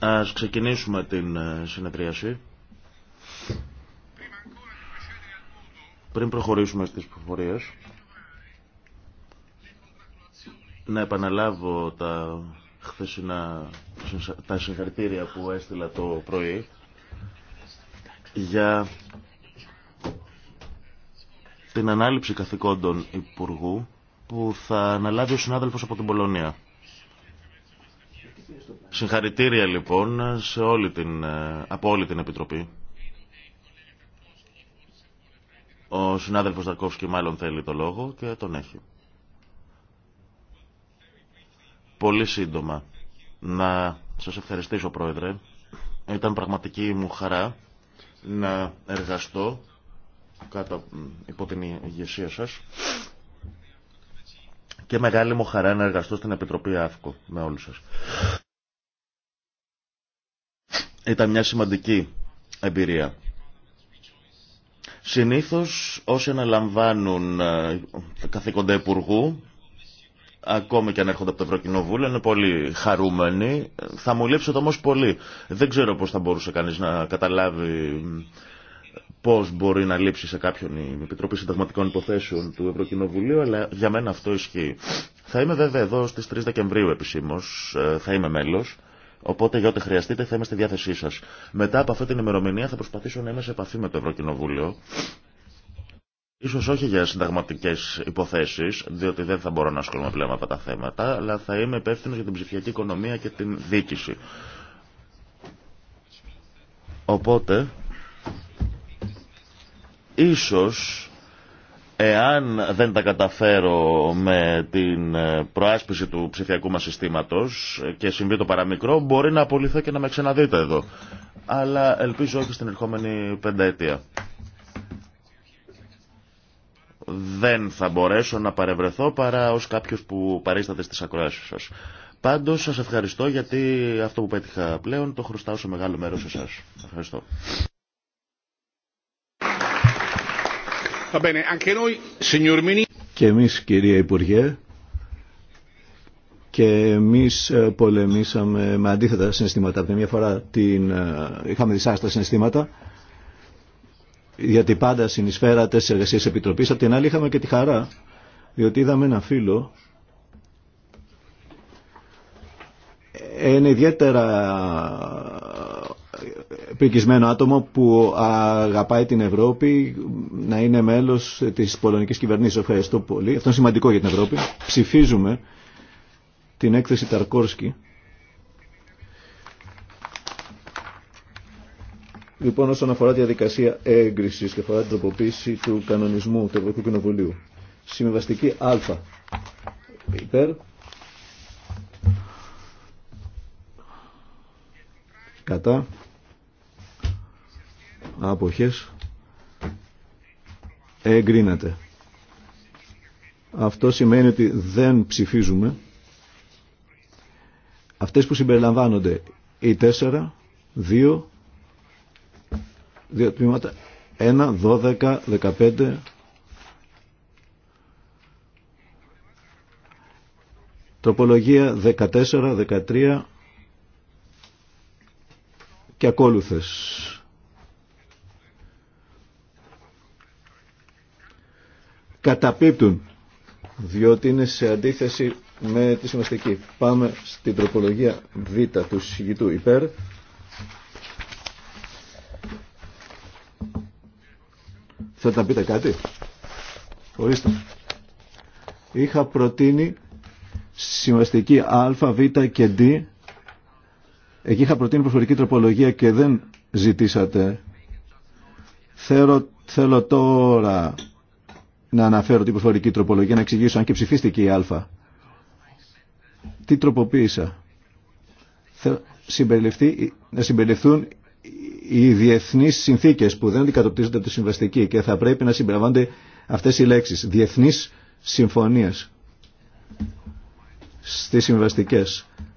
Ας ξεκινήσουμε την ε, συνεδρίαση. Πριν προχωρήσουμε στις προφορίες, να επαναλάβω τα χθεσινά τα συγχαρητήρια που έστειλα το πρωί για την ανάληψη καθηκόντων υπουργού που θα αναλάβει ο συνάδελφος από την Πολωνία. Συγχαρητήρια λοιπόν σε όλη την, ε, από όλη την Επιτροπή. Ο συνάδελφος Δαρκόφσκι μάλλον θέλει το λόγο και τον έχει. Πολύ σύντομα. Να σας ευχαριστήσω Πρόεδρε. Ήταν πραγματική μου χαρά να εργαστώ κάτω υπό την ηγεσία σας και μεγάλη μου χαρά να εργαστώ στην Επιτροπή ΑΦΚΟ με όλους σας. Ήταν μια σημαντική εμπειρία. Συνήθως όσοι αναλαμβάνουν ε, καθήκοντα υπουργού, ακόμη και αν έρχονται από το Ευρωκοινοβούλιο, είναι πολύ χαρούμενοι. Θα μου λείψετε όμως πολύ. Δεν ξέρω πώς θα μπορούσε κανείς να καταλάβει πώς μπορεί να λείψει σε κάποιον η Επιτροπή Συνταγματικών Υποθέσεων του Ευρωκοινοβουλίου, αλλά για μένα αυτό ισχύει. Θα είμαι βέβαια εδώ στις 3 Δεκεμβρίου επισήμως, ε, θα είμαι μέλος. Οπότε για ό,τι χρειαστείτε θα είμαι στη διάθεσή σας. Μετά από αυτή την ημερομηνία θα προσπαθήσω να είμαι σε επαφή με το Ευρωκοινοβούλιο. Ίσως όχι για συνταγματικές υποθέσεις, διότι δεν θα μπορώ να ασχολούμαι πλέον με αυτά τα θέματα, αλλά θα είμαι υπεύθυνο για την ψηφιακή οικονομία και την δίκηση. Οπότε, ίσως Εάν δεν τα καταφέρω με την ε, προάσπιση του ψηφιακού μας συστήματος και συμβεί το παραμικρό, μπορεί να απολυθώ και να με ξαναδείτε εδώ. Αλλά ελπίζω όχι στην ερχόμενη πενταετία. Δεν θα μπορέσω να παρευρεθώ παρά ως κάποιος που παρίσταται στις ακροάσεις σας. Πάντως σας ευχαριστώ γιατί αυτό που πέτυχα πλέον το χρωστάω σε μεγάλο μέρος εσάς. Ευχαριστώ. Και εμείς κυρία Υπουργέ και εμείς ε, πολεμήσαμε με αντίθετα συναισθήματα. Από τη μια φορά την, ε, είχαμε δυσάστα συναισθήματα γιατί πάντα συνεισφέρατε στις εργασίες επιτροπής. Από την άλλη είχαμε και τη χαρά διότι είδαμε ένα φίλο ένα ε, ιδιαίτερα πρικισμένο άτομο που αγαπάει την Ευρώπη να είναι μέλος της πολωνικής κυβερνήσεως. Ευχαριστώ πολύ. Αυτό είναι σημαντικό για την Ευρώπη. Ψηφίζουμε την έκθεση Ταρκόρσκι. Λοιπόν, όσον αφορά τη διαδικασία έγκρισης και αφορά την τροποποίηση του κανονισμού του Ευρωπαϊκού Κοινοβουλίου. Συμβαστική Α. Υπέρ. Κατά αποχές εγκρίνεται. Αυτό σημαίνει ότι δεν ψηφίζουμε αυτές που συμπεριλαμβάνονται οι 4, 2, δύο τμήματα, 1, 12, 15, Τροπολογία 14, 13 και ακόλουθε. καταπίπτουν διότι είναι σε αντίθεση με τη σημαστική. Πάμε στην τροπολογία Β του συγητού υπέρ. Θα τα πείτε κάτι. Ορίστε. Είχα προτείνει σημαντική Α, Β και Δ. Εκεί είχα προτείνει προφορική τροπολογία και δεν ζητήσατε. Θέλω, θέλω τώρα να αναφέρω την προφορική τροπολογία, να εξηγήσω αν και ψηφίστηκε η Α. Τι τροποποίησα. να συμπεριληφθούν οι διεθνεί συνθήκε που δεν αντικατοπτρίζονται από τη συμβαστική και θα πρέπει να συμπεριλαμβάνονται αυτέ οι λέξει. Διεθνεί συμφωνίε στι συμβαστικέ.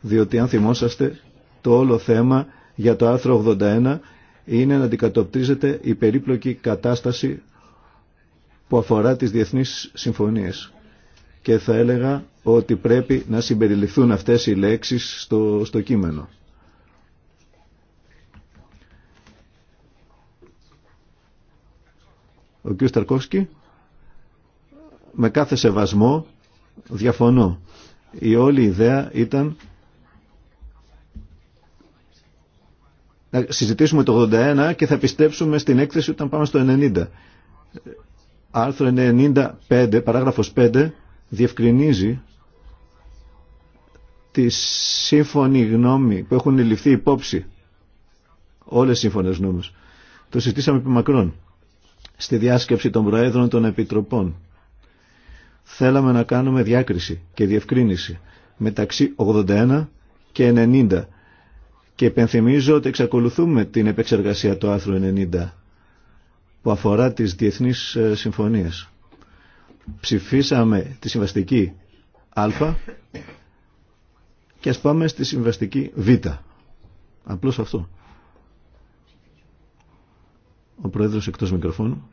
Διότι αν θυμόσαστε, το όλο θέμα για το άρθρο 81 είναι να αντικατοπτρίζεται η περίπλοκη κατάσταση που αφορά τις διεθνείς συμφωνίες. Και θα έλεγα ότι πρέπει να συμπεριληφθούν αυτές οι λέξεις στο, στο κείμενο. Ο κ. Σταρκόφσκι, με κάθε σεβασμό διαφωνώ. Η όλη ιδέα ήταν να συζητήσουμε το 81 και θα πιστέψουμε στην έκθεση όταν πάμε στο 90 άρθρο 95, παράγραφος 5, διευκρινίζει τη σύμφωνη γνώμη που έχουν ληφθεί υπόψη όλες οι σύμφωνες νόμους. Το συζητήσαμε επί μακρόν στη διάσκεψη των Προέδρων των Επιτροπών. Θέλαμε να κάνουμε διάκριση και διευκρίνηση μεταξύ 81 και 90 και επενθυμίζω ότι εξακολουθούμε την επεξεργασία του άρθρου 90 που αφορά τις διεθνείς ε, συμφωνίες. Ψηφίσαμε τη συμβαστική Α και ας πάμε στη συμβαστική Β. Απλώς αυτό. Ο Πρόεδρος εκτός μικροφώνου.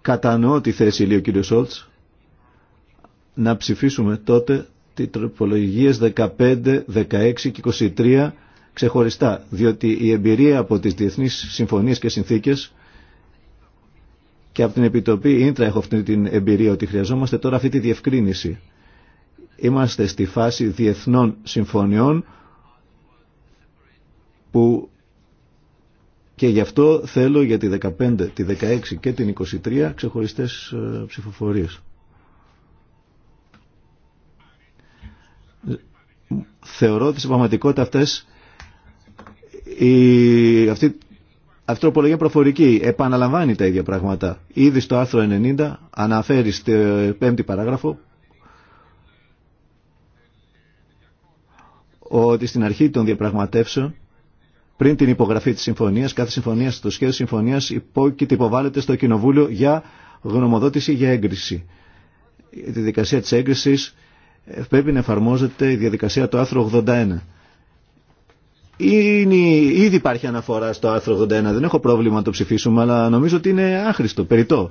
Κατανοώ τη θέση, λέει ο κύριος Σόλτς, να ψηφίσουμε τότε τι τροπολογίες 15, 16 και 23 ξεχωριστά, διότι η εμπειρία από τις διεθνείς συμφωνίες και συνθήκες και από την Επιτροπή Ίντρα έχω αυτή την εμπειρία ότι χρειαζόμαστε τώρα αυτή τη διευκρίνηση. Είμαστε στη φάση διεθνών συμφωνιών που και γι' αυτό θέλω για τη 15, τη 16 και την 23 ξεχωριστές ε, ψηφοφορίες. Θεωρώ ότι στην πραγματικότητα αυτές η, αυτή Αυτροπολογία προφορική επαναλαμβάνει τα ίδια πράγματα. Ήδη στο άρθρο 90 αναφέρει στη πέμπτη παράγραφο ότι στην αρχή των διαπραγματεύσεων πριν την υπογραφή της συμφωνίας, κάθε συμφωνία στο σχέδιο συμφωνίας υπόκειται υποβάλλεται στο Κοινοβούλιο για γνωμοδότηση για έγκριση. Η διαδικασία της έγκρισης πρέπει να εφαρμόζεται η διαδικασία του άρθρου 81. Είναι, ήδη υπάρχει αναφορά στο άρθρο 81. Δεν έχω πρόβλημα να το ψηφίσουμε, αλλά νομίζω ότι είναι άχρηστο, περιττό.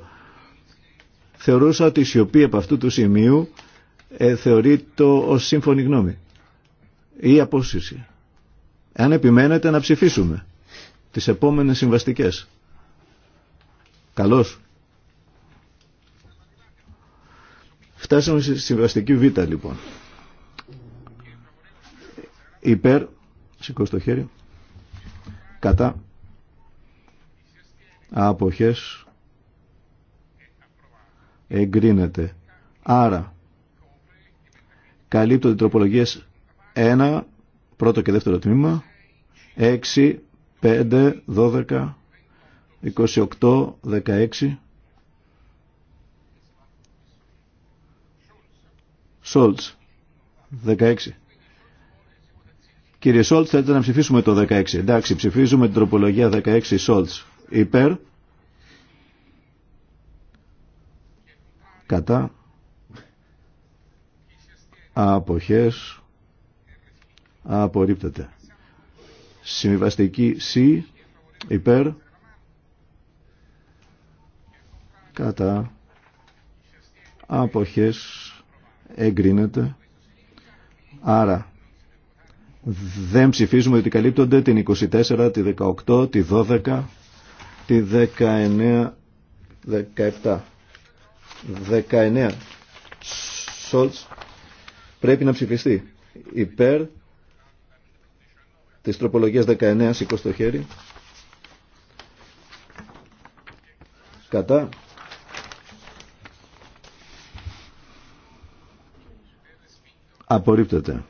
Θεωρούσα ότι η σιωπή από αυτού του σημείου ε, θεωρεί το ως σύμφωνη γνώμη ή απόσυρση. Αν επιμένετε να ψηφίσουμε τις επόμενες συμβαστικές. Καλώς. Φτάσαμε στη συμβαστική Β λοιπόν. Υπέρ Σηκώστε το χέρι. Κατά. Αποχές. Εγκρίνεται. Άρα, καλύπτονται τροπολογίες 1, πρώτο και δεύτερο τμήμα, 6, 5, 12, 28, 16, Σόλτ 16. Κύριε Σόλτ, θέλετε να ψηφίσουμε το 16. Εντάξει, ψηφίζουμε την τροπολογία 16 Σόλτ. Υπέρ. Κατά. Αποχές. Απορρίπτεται. Συμβιβαστική C. Υπέρ. Κατά. Αποχές. Εγκρίνεται. Άρα δεν ψηφίζουμε ότι καλύπτονται την 24, τη 18, τη 12, τη 19, 17. 19. Σόλτς πρέπει να ψηφιστεί υπέρ της τροπολογίας 19, σηκώ στο χέρι. Κατά. Απορρίπτεται.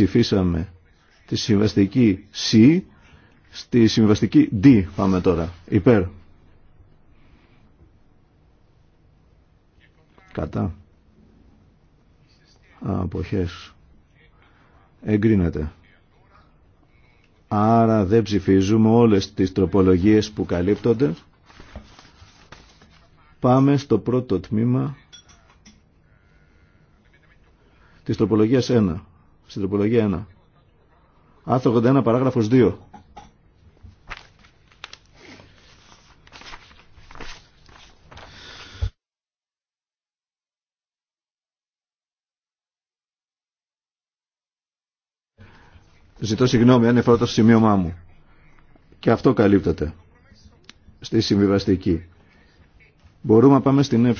ψηφίσαμε τη συμβαστική C, στη συμβαστική D πάμε τώρα, υπέρ. Κατά. Αποχές. Εγκρίνεται. Άρα δεν ψηφίζουμε όλες τις τροπολογίες που καλύπτονται. Πάμε στο πρώτο τμήμα της τροπολογίας 1. Στην τροπολογία 1. Άρθρο 81 παράγραφος 2. Ζητώ συγγνώμη αν εφαρώ το σημείωμά μου. Και αυτό καλύπτεται στη συμβιβαστική. Μπορούμε να πάμε στην ε,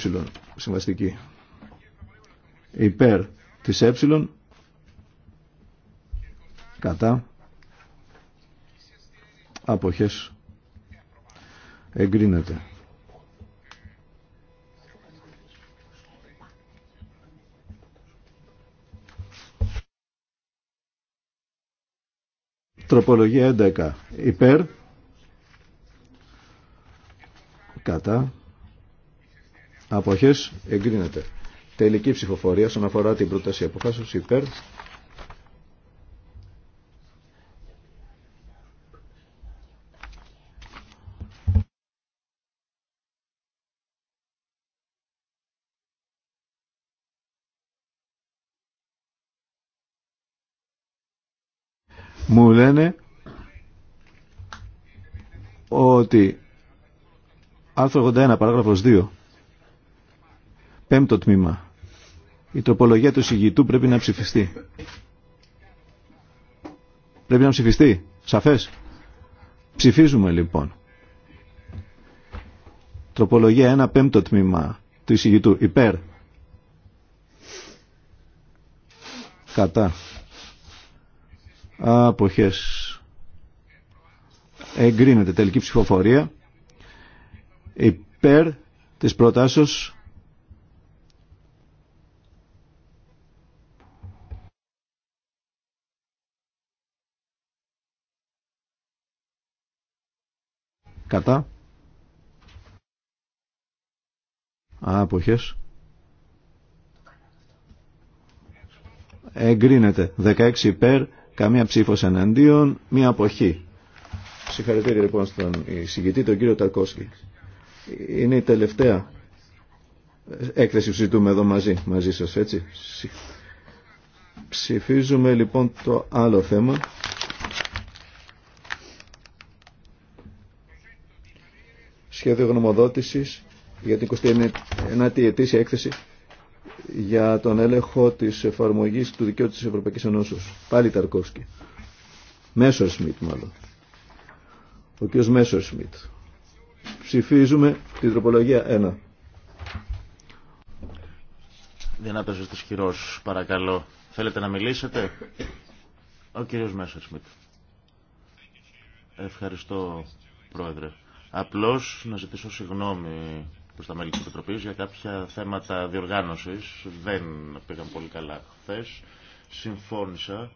συμβαστική. Υπέρ της ε κατά αποχές εγκρίνεται. Τροπολογία 11. Υπέρ, κατά, αποχές εγκρίνεται. Τελική ψηφοφορία σχετικά αφορά την πρόταση αποφάσεως υπέρ, λένε ότι άρθρο 81 παράγραφος 2 πέμπτο τμήμα η τροπολογία του συγγητού πρέπει να ψηφιστεί. Πρέπει να ψηφιστεί. Σαφές. Ψηφίζουμε λοιπόν. Τροπολογία 1 πέμπτο τμήμα του εισηγητού. Υπέρ. Κατά αποχές εγκρίνεται τελική ψηφοφορία υπέρ της προτάσεως κατά άποχες εγκρίνεται 16 υπέρ καμία ψήφος εναντίον, μία αποχή. Συγχαρητήρια λοιπόν στον συγκητή, τον κύριο Ταρκόσκη. Είναι η τελευταία έκθεση που συζητούμε εδώ μαζί, μαζί σας, έτσι. Ψηφίζουμε λοιπόν το άλλο θέμα. Σχέδιο γνωμοδότησης για την 29η ετήσια έκθεση για τον έλεγχο της εφαρμογής του δικαίου της Ευρωπαϊκής Ενώσεως. Πάλι Ταρκόσκι. Μέσορ Σμιτ μάλλον. Ο κ. Μέσορ Σμιτ. Ψηφίζουμε την τροπολογία 1. Δυνάτος το χειρός, παρακαλώ. Θέλετε να μιλήσετε. Ο κ. Μέσορ Σμιτ. Ευχαριστώ, Πρόεδρε. Απλώς να ζητήσω συγγνώμη προς τα μέλη της Επιτροπής για κάποια θέματα διοργάνωσης. Δεν πήγαν πολύ καλά χθε. Συμφώνησα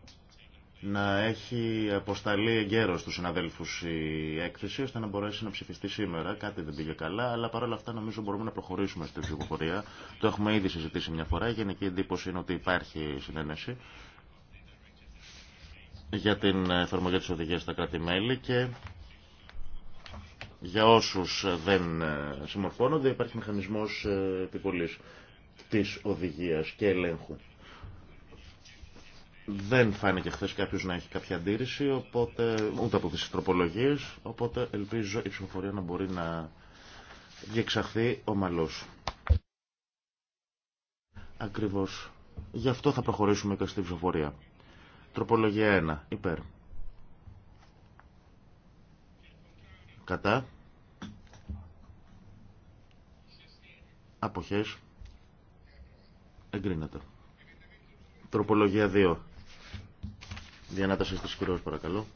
να έχει αποσταλεί εγκαίρω στους συναδέλφους η έκθεση ώστε να μπορέσει να ψηφιστεί σήμερα. Κάτι δεν πήγε καλά, αλλά παρόλα αυτά νομίζω μπορούμε να προχωρήσουμε στη ψηφοφορία. Το έχουμε ήδη συζητήσει μια φορά. Η γενική εντύπωση είναι ότι υπάρχει συνένεση για την εφαρμογή της οδηγίας στα κράτη-μέλη και για όσους ε, δεν ε, συμμορφώνονται υπάρχει μηχανισμός ε, επιβολής της οδηγίας και ελέγχου. Δεν φάνηκε χθε κάποιο να έχει κάποια αντίρρηση, οπότε, ούτε από τι τροπολογίε. Οπότε ελπίζω η ψηφοφορία να μπορεί να διεξαχθεί ομαλώ. Ακριβώ. Γι' αυτό θα προχωρήσουμε και στην ψηφοφορία. Τροπολογία 1. Υπέρ. Κατά. Αποχές. Εγκρίνεται. Τροπολογία 2. Διανάταση στις κύριες, παρακαλώ.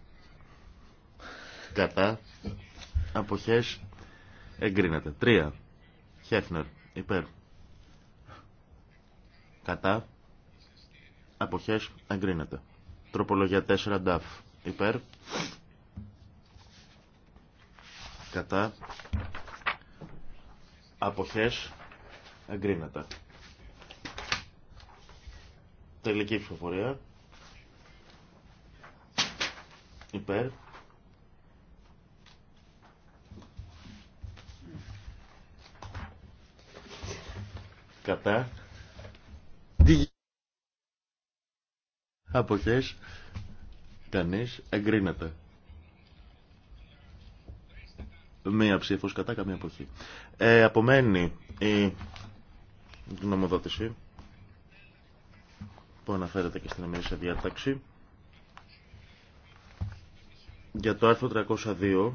Κατά. Αποχές. Εγκρίνεται. 3. Χέφνερ. Υπέρ. Κατά. Αποχές. Εγκρίνεται. Τροπολογία 4. Νταφ. Υπέρ κατά αποχές εγκρίνεται. Τελική ψηφοφορία. Υπέρ. Κατά. Αποχές. Κανείς εγκρίνεται. Μία ψήφο κατά καμία εποχή. Ε, απομένει η γνωμοδότηση που αναφέρεται και στην εμείς διάταξη για το άρθρο 302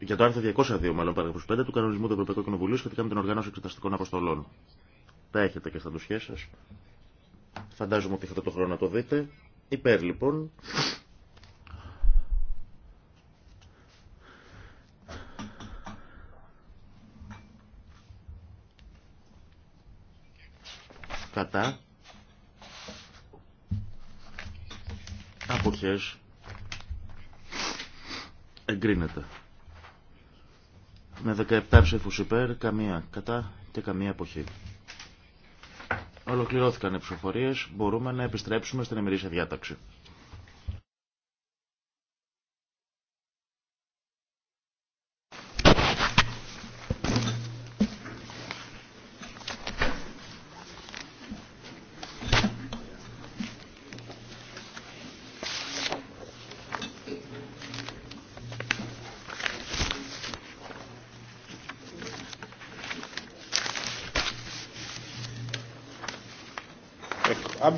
για το άρθρο 202, μάλλον παράγραφος 5 του κανονισμού του Ευρωπαϊκού Κοινοβουλίου σχετικά με την οργάνωση εξεταστικών αποστολών. Τα έχετε και στα ντοσιέ σα. Φαντάζομαι ότι έχετε το χρόνο να το δείτε. Υπέρ λοιπόν κατά αποχές εγκρίνεται με 17 ψήφους υπέρ, καμία κατά και καμία αποχή. Ολοκληρώθηκαν οι ψηφοφορίες, μπορούμε να επιστρέψουμε στην εμμυρίσια διάταξη.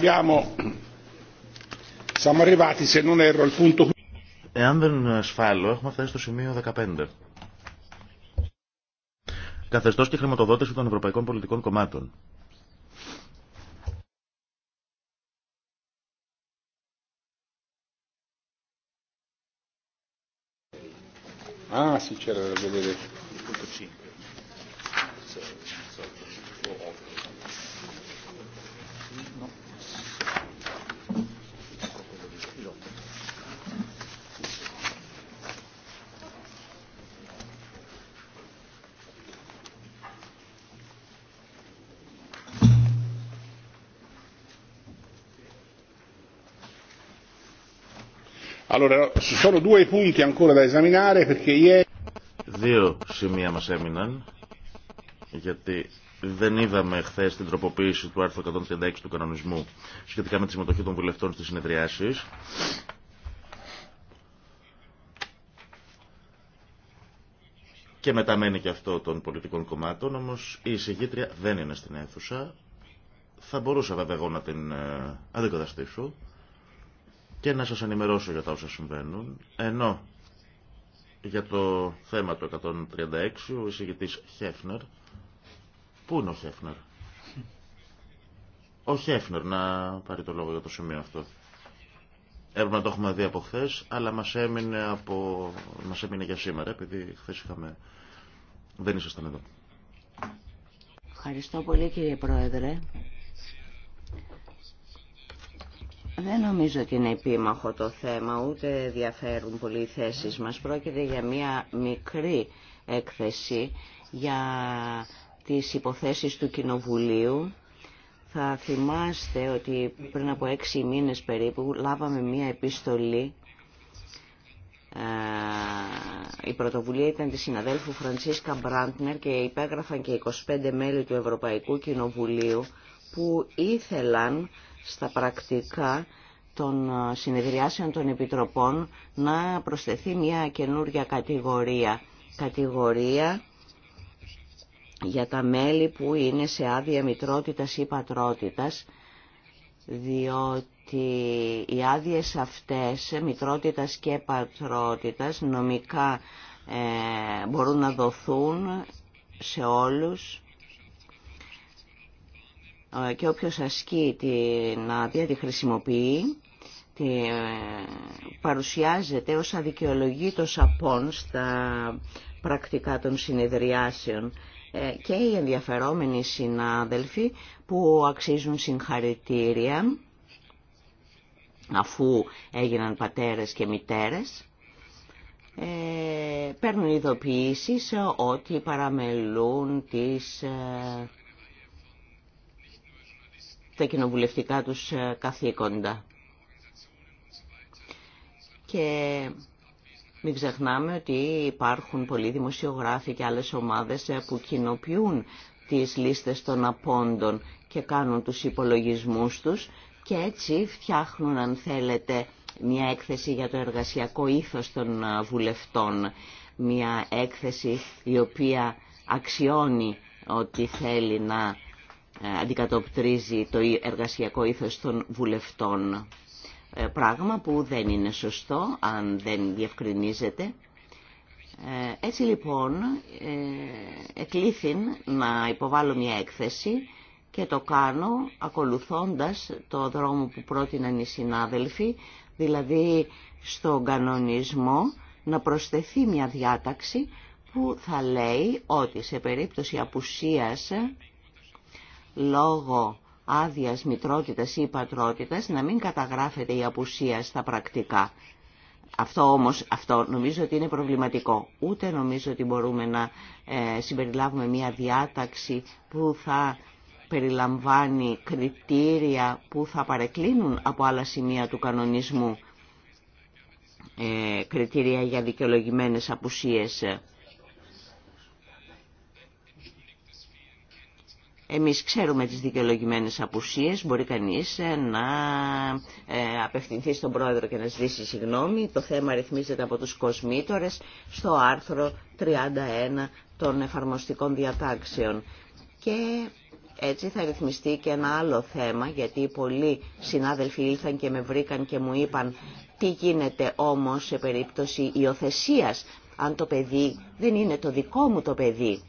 abbiamo siamo arrivati se non erro al punto Εάν δεν σφάλω, έχουμε φτάσει στο σημείο 15. καθεστώς και χρηματοδότηση των Ευρωπαϊκών Πολιτικών Κομμάτων. Ah, sì, c'era da vedere. Allora, sono Δύο σημεία μας έμειναν γιατί δεν είδαμε χθε την τροποποίηση του άρθρου 136 του κανονισμού σχετικά με τη συμμετοχή των βουλευτών στις συνεδριάσεις. Και μεταμένει και αυτό των πολιτικών κομμάτων, όμως η εισηγήτρια δεν είναι στην αίθουσα. Θα μπορούσα βέβαια εγώ να την ε, αντικαταστήσω και να σας ενημερώσω για τα όσα συμβαίνουν, ενώ για το θέμα του 136 ο εισηγητής Χέφνερ, πού είναι ο Χέφνερ, ο Χέφνερ να πάρει το λόγο για το σημείο αυτό. Έπρεπε να το έχουμε δει από χθε, αλλά μας έμεινε, από... μας έμεινε για σήμερα, επειδή χθε είχαμε... δεν ήσασταν εδώ. Ευχαριστώ πολύ κύριε Πρόεδρε. Δεν νομίζω ότι είναι επίμαχο το θέμα, ούτε διαφέρουν πολύ οι θέσεις μας. Πρόκειται για μια μικρή έκθεση για τις υποθέσεις του Κοινοβουλίου. Θα θυμάστε ότι πριν από έξι μήνες περίπου λάβαμε μια επιστολή ε, η πρωτοβουλία ήταν της συναδέλφου Φραντσίσκα Μπραντνερ και υπέγραφαν και 25 μέλη του Ευρωπαϊκού Κοινοβουλίου που ήθελαν στα πρακτικά των ε, συνεδριάσεων των επιτροπών να προσθεθεί μια καινούργια κατηγορία. Κατηγορία για τα μέλη που είναι σε άδεια μητρότητας ή πατρότητας, διότι οι άδειες αυτές, μητρότητας και πατρότητας, νομικά ε, μπορούν να δοθούν σε όλους και όποιος ασκεί την άδεια, τη χρησιμοποιεί, τη, ε, παρουσιάζεται ως αδικαιολογήτος απόν στα πρακτικά των συνεδριάσεων ε, και οι ενδιαφερόμενοι συνάδελφοι που αξίζουν συγχαρητήρια αφού έγιναν πατέρες και μητέρες ε, παίρνουν ειδοποιήσεις ότι παραμελούν τις τα κοινοβουλευτικά τους ε, καθήκοντα. Και μην ξεχνάμε ότι υπάρχουν πολλοί δημοσιογράφοι και άλλες ομάδες ε, που κοινοποιούν τις λίστες των απόντων και κάνουν τους υπολογισμούς τους και έτσι φτιάχνουν, αν θέλετε, μια έκθεση για το εργασιακό ήθος των ε, βουλευτών. Μια έκθεση η οποία αξιώνει ότι θέλει να ε, αντικατοπτρίζει το εργασιακό ήθος των βουλευτών. Ε, πράγμα που δεν είναι σωστό αν δεν διευκρινίζεται. Ε, έτσι λοιπόν εκλήθην να υποβάλω μια έκθεση και το κάνω ακολουθώντας το δρόμο που πρότειναν οι συνάδελφοι, δηλαδή στον κανονισμό να προσθεθεί μια διάταξη που θα λέει ότι σε περίπτωση απουσίας λόγω άδεια μητρότητας ή πατρότητας να μην καταγράφεται η απουσία στα πρακτικά. Αυτό όμως, αυτό νομίζω ότι είναι προβληματικό. Ούτε νομίζω ότι μπορούμε να ε, συμπεριλάβουμε μια διάταξη που θα περιλαμβάνει κριτήρια που θα παρεκκλίνουν από άλλα σημεία του κανονισμού. Ε, κριτήρια για δικαιολογημένες απουσίες Εμείς ξέρουμε τις δικαιολογημένες απουσίες, μπορεί κανείς ε, να ε, απευθυνθεί στον πρόεδρο και να ζητήσει συγγνώμη. Το θέμα ρυθμίζεται από τους κοσμήτορες στο άρθρο 31 των εφαρμοστικών διατάξεων. Και έτσι θα ρυθμιστεί και ένα άλλο θέμα, γιατί πολλοί συνάδελφοι ήλθαν και με βρήκαν και μου είπαν τι γίνεται όμως σε περίπτωση υιοθεσία αν το παιδί δεν είναι το δικό μου το παιδί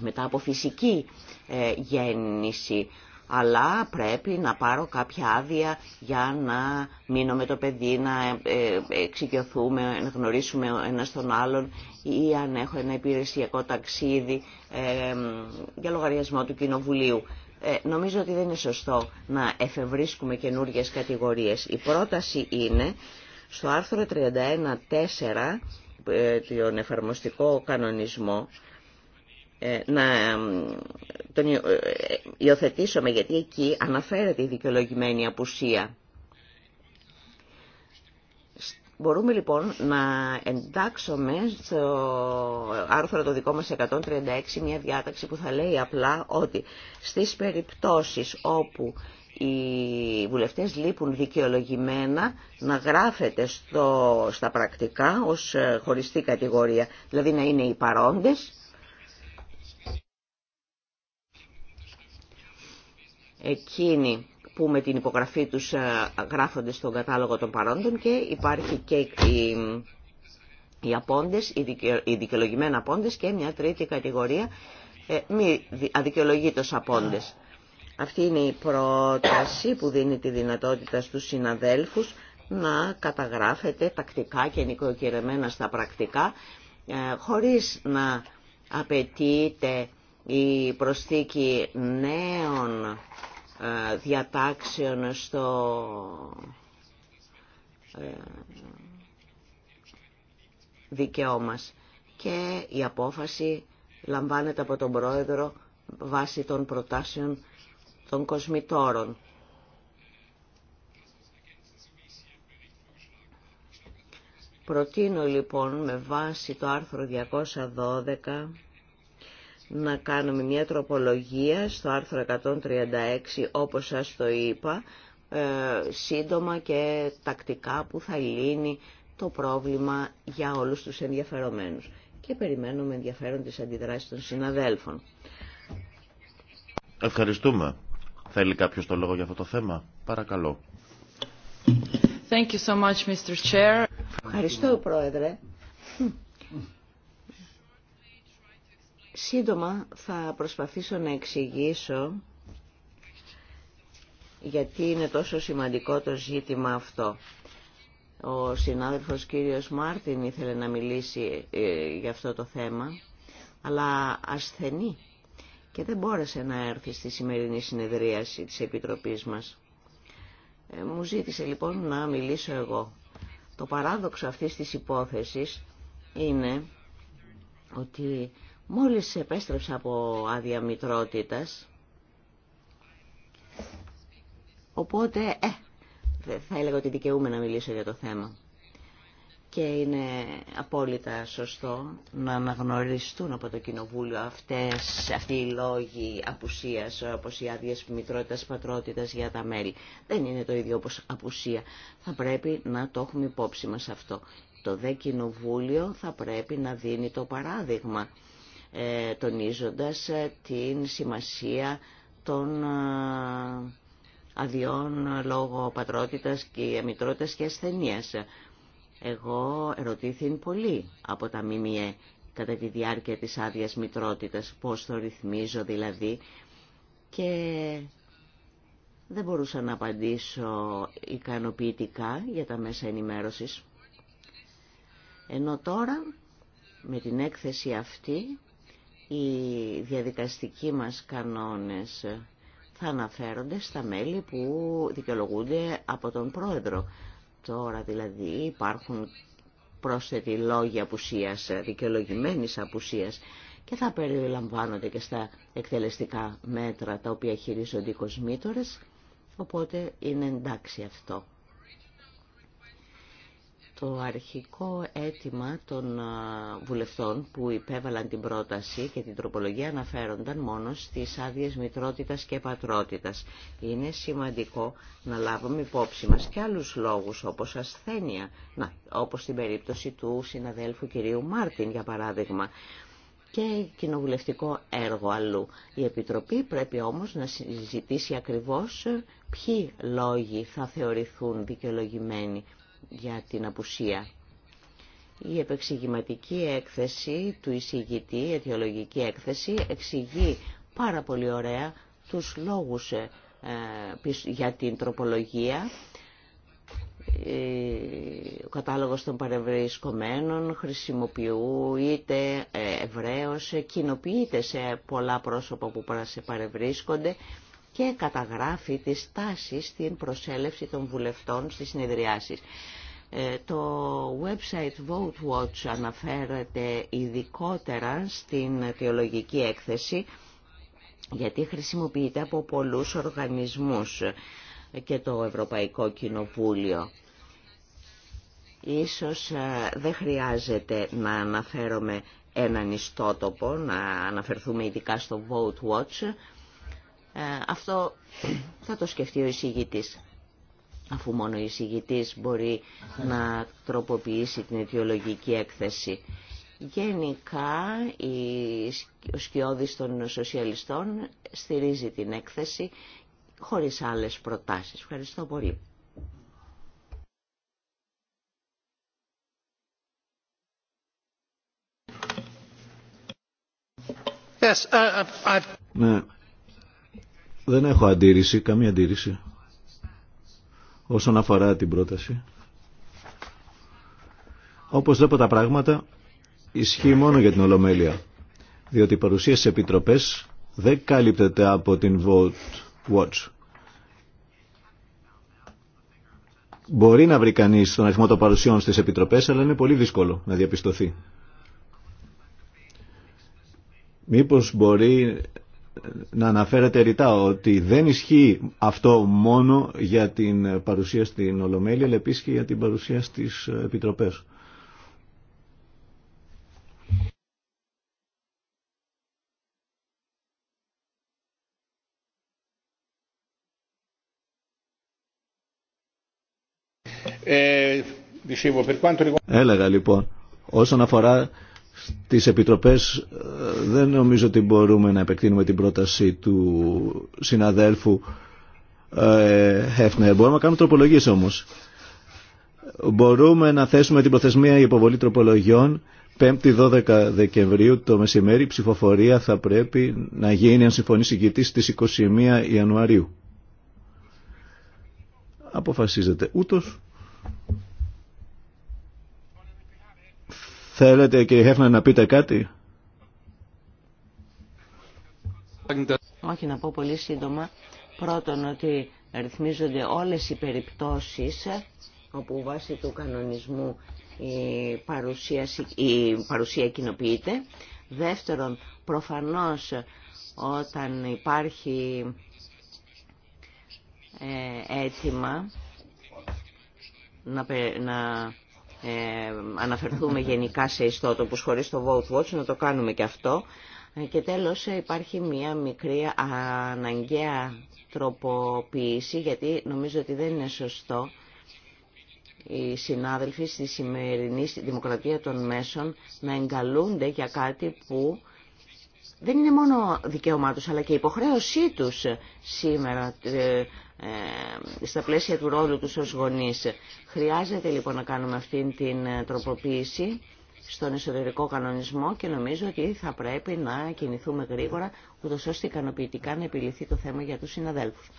μετά από φυσική ε, γέννηση αλλά πρέπει να πάρω κάποια άδεια για να μείνω με το παιδί, να ε, ε, εξοικειωθούμε, να γνωρίσουμε ένα τον άλλον ή αν έχω ένα υπηρεσιακό ταξίδι για λογαριασμό του Κοινοβουλίου. Νομίζω ότι δεν είναι σωστό να εφευρίσκουμε καινούργιες κατηγορίες. Η πρόταση είναι στο άρθρο 31.4 του εφαρμοστικό κανονισμό ε, να τον ε, υιοθετήσουμε γιατί εκεί αναφέρεται η δικαιολογημένη απουσία. Μπορούμε λοιπόν να εντάξουμε στο άρθρο το δικό μας 136 μια διάταξη που θα λέει απλά ότι στις περιπτώσεις όπου οι βουλευτές λείπουν δικαιολογημένα να γράφεται στο, στα πρακτικά ως ε, χωριστή κατηγορία, δηλαδή να είναι οι παρόντες εκείνοι που με την υπογραφή τους ε, γράφονται στον κατάλογο των παρόντων και υπάρχει και η οι απόντες, οι δικαιολογημένα απόντες και μια τρίτη κατηγορία ε, μη αδικαιολογήτως απόντες. Αυτή είναι η πρόταση που δίνει τη δυνατότητα στους συναδέλφους να καταγράφεται τακτικά και νοικοκυρεμένα στα πρακτικά ε, χωρίς να απαιτείται η προσθήκη νέων ε, διατάξεων στο ε, δικαίωμα μας και η απόφαση λαμβάνεται από τον Πρόεδρο βάσει των προτάσεων των κοσμητόρων. Προτείνω λοιπόν με βάση το άρθρο 212 να κάνουμε μια τροπολογία στο άρθρο 136 όπως σας το είπα ε, σύντομα και τακτικά που θα λύνει το πρόβλημα για όλους τους ενδιαφερομένους. Και περιμένουμε ενδιαφέρον τις αντιδράσεις των συναδέλφων. Ευχαριστούμε. Θέλει κάποιος το λόγο για αυτό το θέμα. Παρακαλώ. Thank you so much, Mr. Chair. Ευχαριστώ, Πρόεδρε. Σύντομα θα προσπαθήσω να εξηγήσω γιατί είναι τόσο σημαντικό το ζήτημα αυτό. Ο συνάδελφος κύριος Μάρτιν ήθελε να μιλήσει ε, για αυτό το θέμα, αλλά ασθενή και δεν μπόρεσε να έρθει στη σημερινή συνεδρίαση της Επιτροπής μας. Ε, μου ζήτησε λοιπόν να μιλήσω εγώ. Το παράδοξο αυτής της υπόθεσης είναι ότι Μόλις επέστρεψα από άδεια μητρότητας, οπότε ε, θα έλεγα ότι δικαιούμαι να μιλήσω για το θέμα. Και είναι απόλυτα σωστό να αναγνωριστούν από το Κοινοβούλιο αυτές, αυτοί οι λόγοι απουσίας, όπως οι άδειε μητρότητας, πατρότητας για τα μέλη. Δεν είναι το ίδιο όπως απουσία. Θα πρέπει να το έχουμε υπόψη μας αυτό. Το δε Κοινοβούλιο θα πρέπει να δίνει το παράδειγμα ε, τονίζοντας ε, την σημασία των ε, αδειών λόγω πατρότητας και αμητρότητας και ασθενείας. Εγώ ερωτήθην πολύ από τα ΜΜΕ κατά τη διάρκεια της άδεια μητρότητας, πώς το ρυθμίζω δηλαδή και δεν μπορούσα να απαντήσω ικανοποιητικά για τα μέσα ενημέρωσης. Ενώ τώρα με την έκθεση αυτή οι διαδικαστικοί μας κανόνες θα αναφέρονται στα μέλη που δικαιολογούνται από τον πρόεδρο. Τώρα δηλαδή υπάρχουν πρόσθετη λόγοι απουσίας, δικαιολογημένης απουσίας και θα περιλαμβάνονται και στα εκτελεστικά μέτρα τα οποία χειρίζονται οι κοσμήτορες, οπότε είναι εντάξει αυτό. Το αρχικό αίτημα των βουλευτών που υπέβαλαν την πρόταση και την τροπολογία αναφέρονταν μόνο στις άδειες μητρότητας και πατρότητας. Είναι σημαντικό να λάβουμε υπόψη μας και άλλους λόγους όπως ασθένεια, να, όπως στην περίπτωση του συναδέλφου κυρίου Μάρτιν για παράδειγμα και κοινοβουλευτικό έργο αλλού. Η Επιτροπή πρέπει όμως να συζητήσει ακριβώς ποιοι λόγοι θα θεωρηθούν δικαιολογημένοι για την απουσία. Η επεξηγηματική έκθεση του εισηγητή, η αιτιολογική έκθεση, εξηγεί πάρα πολύ ωραία τους λόγους ε, για την τροπολογία, ε, ο κατάλογος των παρευρισκομένων είτε ευρέως, ε, κοινοποιείται σε πολλά πρόσωπα που παρευρίσκονται και καταγράφει τις τάσεις στην προσέλευση των βουλευτών στις συνεδριάσεις. Ε, το website VoteWatch αναφέρεται ειδικότερα στην θεολογική έκθεση γιατί χρησιμοποιείται από πολλούς οργανισμούς και το Ευρωπαϊκό Κοινοβούλιο. Ίσως ε, δεν χρειάζεται να αναφέρομαι έναν ιστότοπο, να αναφερθούμε ειδικά στο VoteWatch, ε, αυτό θα το σκεφτεί ο εισηγητής αφού μόνο ο εισηγητής μπορεί να τροποποιήσει την αιτιολογική έκθεση. Γενικά, ο σκιώδης των σοσιαλιστών στηρίζει την έκθεση χωρίς άλλες προτάσεις. Ευχαριστώ πολύ. Uh, uh, ναι, δεν έχω αντίρρηση, καμία αντίρρηση όσον αφορά την πρόταση. Όπως βλέπω τα πράγματα, ισχύει μόνο για την Ολομέλεια, διότι η παρουσία στις επιτροπές δεν κάλυπτεται από την Vote Watch. Μπορεί να βρει κανεί τον αριθμό των παρουσιών στις επιτροπές, αλλά είναι πολύ δύσκολο να διαπιστωθεί. Μήπως μπορεί να αναφέρετε ρητά ότι δεν ισχύει αυτό μόνο για την παρουσία στην Ολομέλεια, αλλά επίσης και για την παρουσία στις Επιτροπές. Ε, Έλεγα λοιπόν, όσον αφορά τις επιτροπές ε, δεν νομίζω ότι μπορούμε να επεκτείνουμε την πρόταση του συναδέλφου Χέφνερ. Μπορούμε να κάνουμε τροπολογίες όμως. Μπορούμε να θέσουμε την προθεσμία υποβολή τροπολογιών 5η 12 Δεκεμβρίου το μεσημέρι η 12 δεκεμβριου το μεσημερι ψηφοφορια θα πρέπει να γίνει αν συμφωνήσει ηγητής στις 21 Ιανουαρίου. Αποφασίζεται ούτως. Θέλετε κύριε να πείτε κάτι. Όχι να πω πολύ σύντομα. Πρώτον ότι ρυθμίζονται όλες οι περιπτώσεις όπου βάσει του κανονισμού η παρουσία, η παρουσία κοινοποιείται. Δεύτερον, προφανώς όταν υπάρχει ε, να, να ε, αναφερθούμε γενικά σε ιστότοπους χωρίς το Vote Watch, να το κάνουμε και αυτό. Ε, και τέλος ε, υπάρχει μια μικρή αναγκαία τροποποίηση, γιατί νομίζω ότι δεν είναι σωστό οι συνάδελφοι στη σημερινή δημοκρατία των μέσων να εγκαλούνται για κάτι που δεν είναι μόνο δικαίωμά τους, αλλά και υποχρέωσή τους σήμερα ε, ε, στα πλαίσια του ρόλου τους ως γονείς. Χρειάζεται λοιπόν να κάνουμε αυτή την ε, τροποποίηση στον εσωτερικό κανονισμό και νομίζω ότι θα πρέπει να κινηθούμε γρήγορα ούτως ώστε ικανοποιητικά να επιληθεί το θέμα για τους συναδέλφους.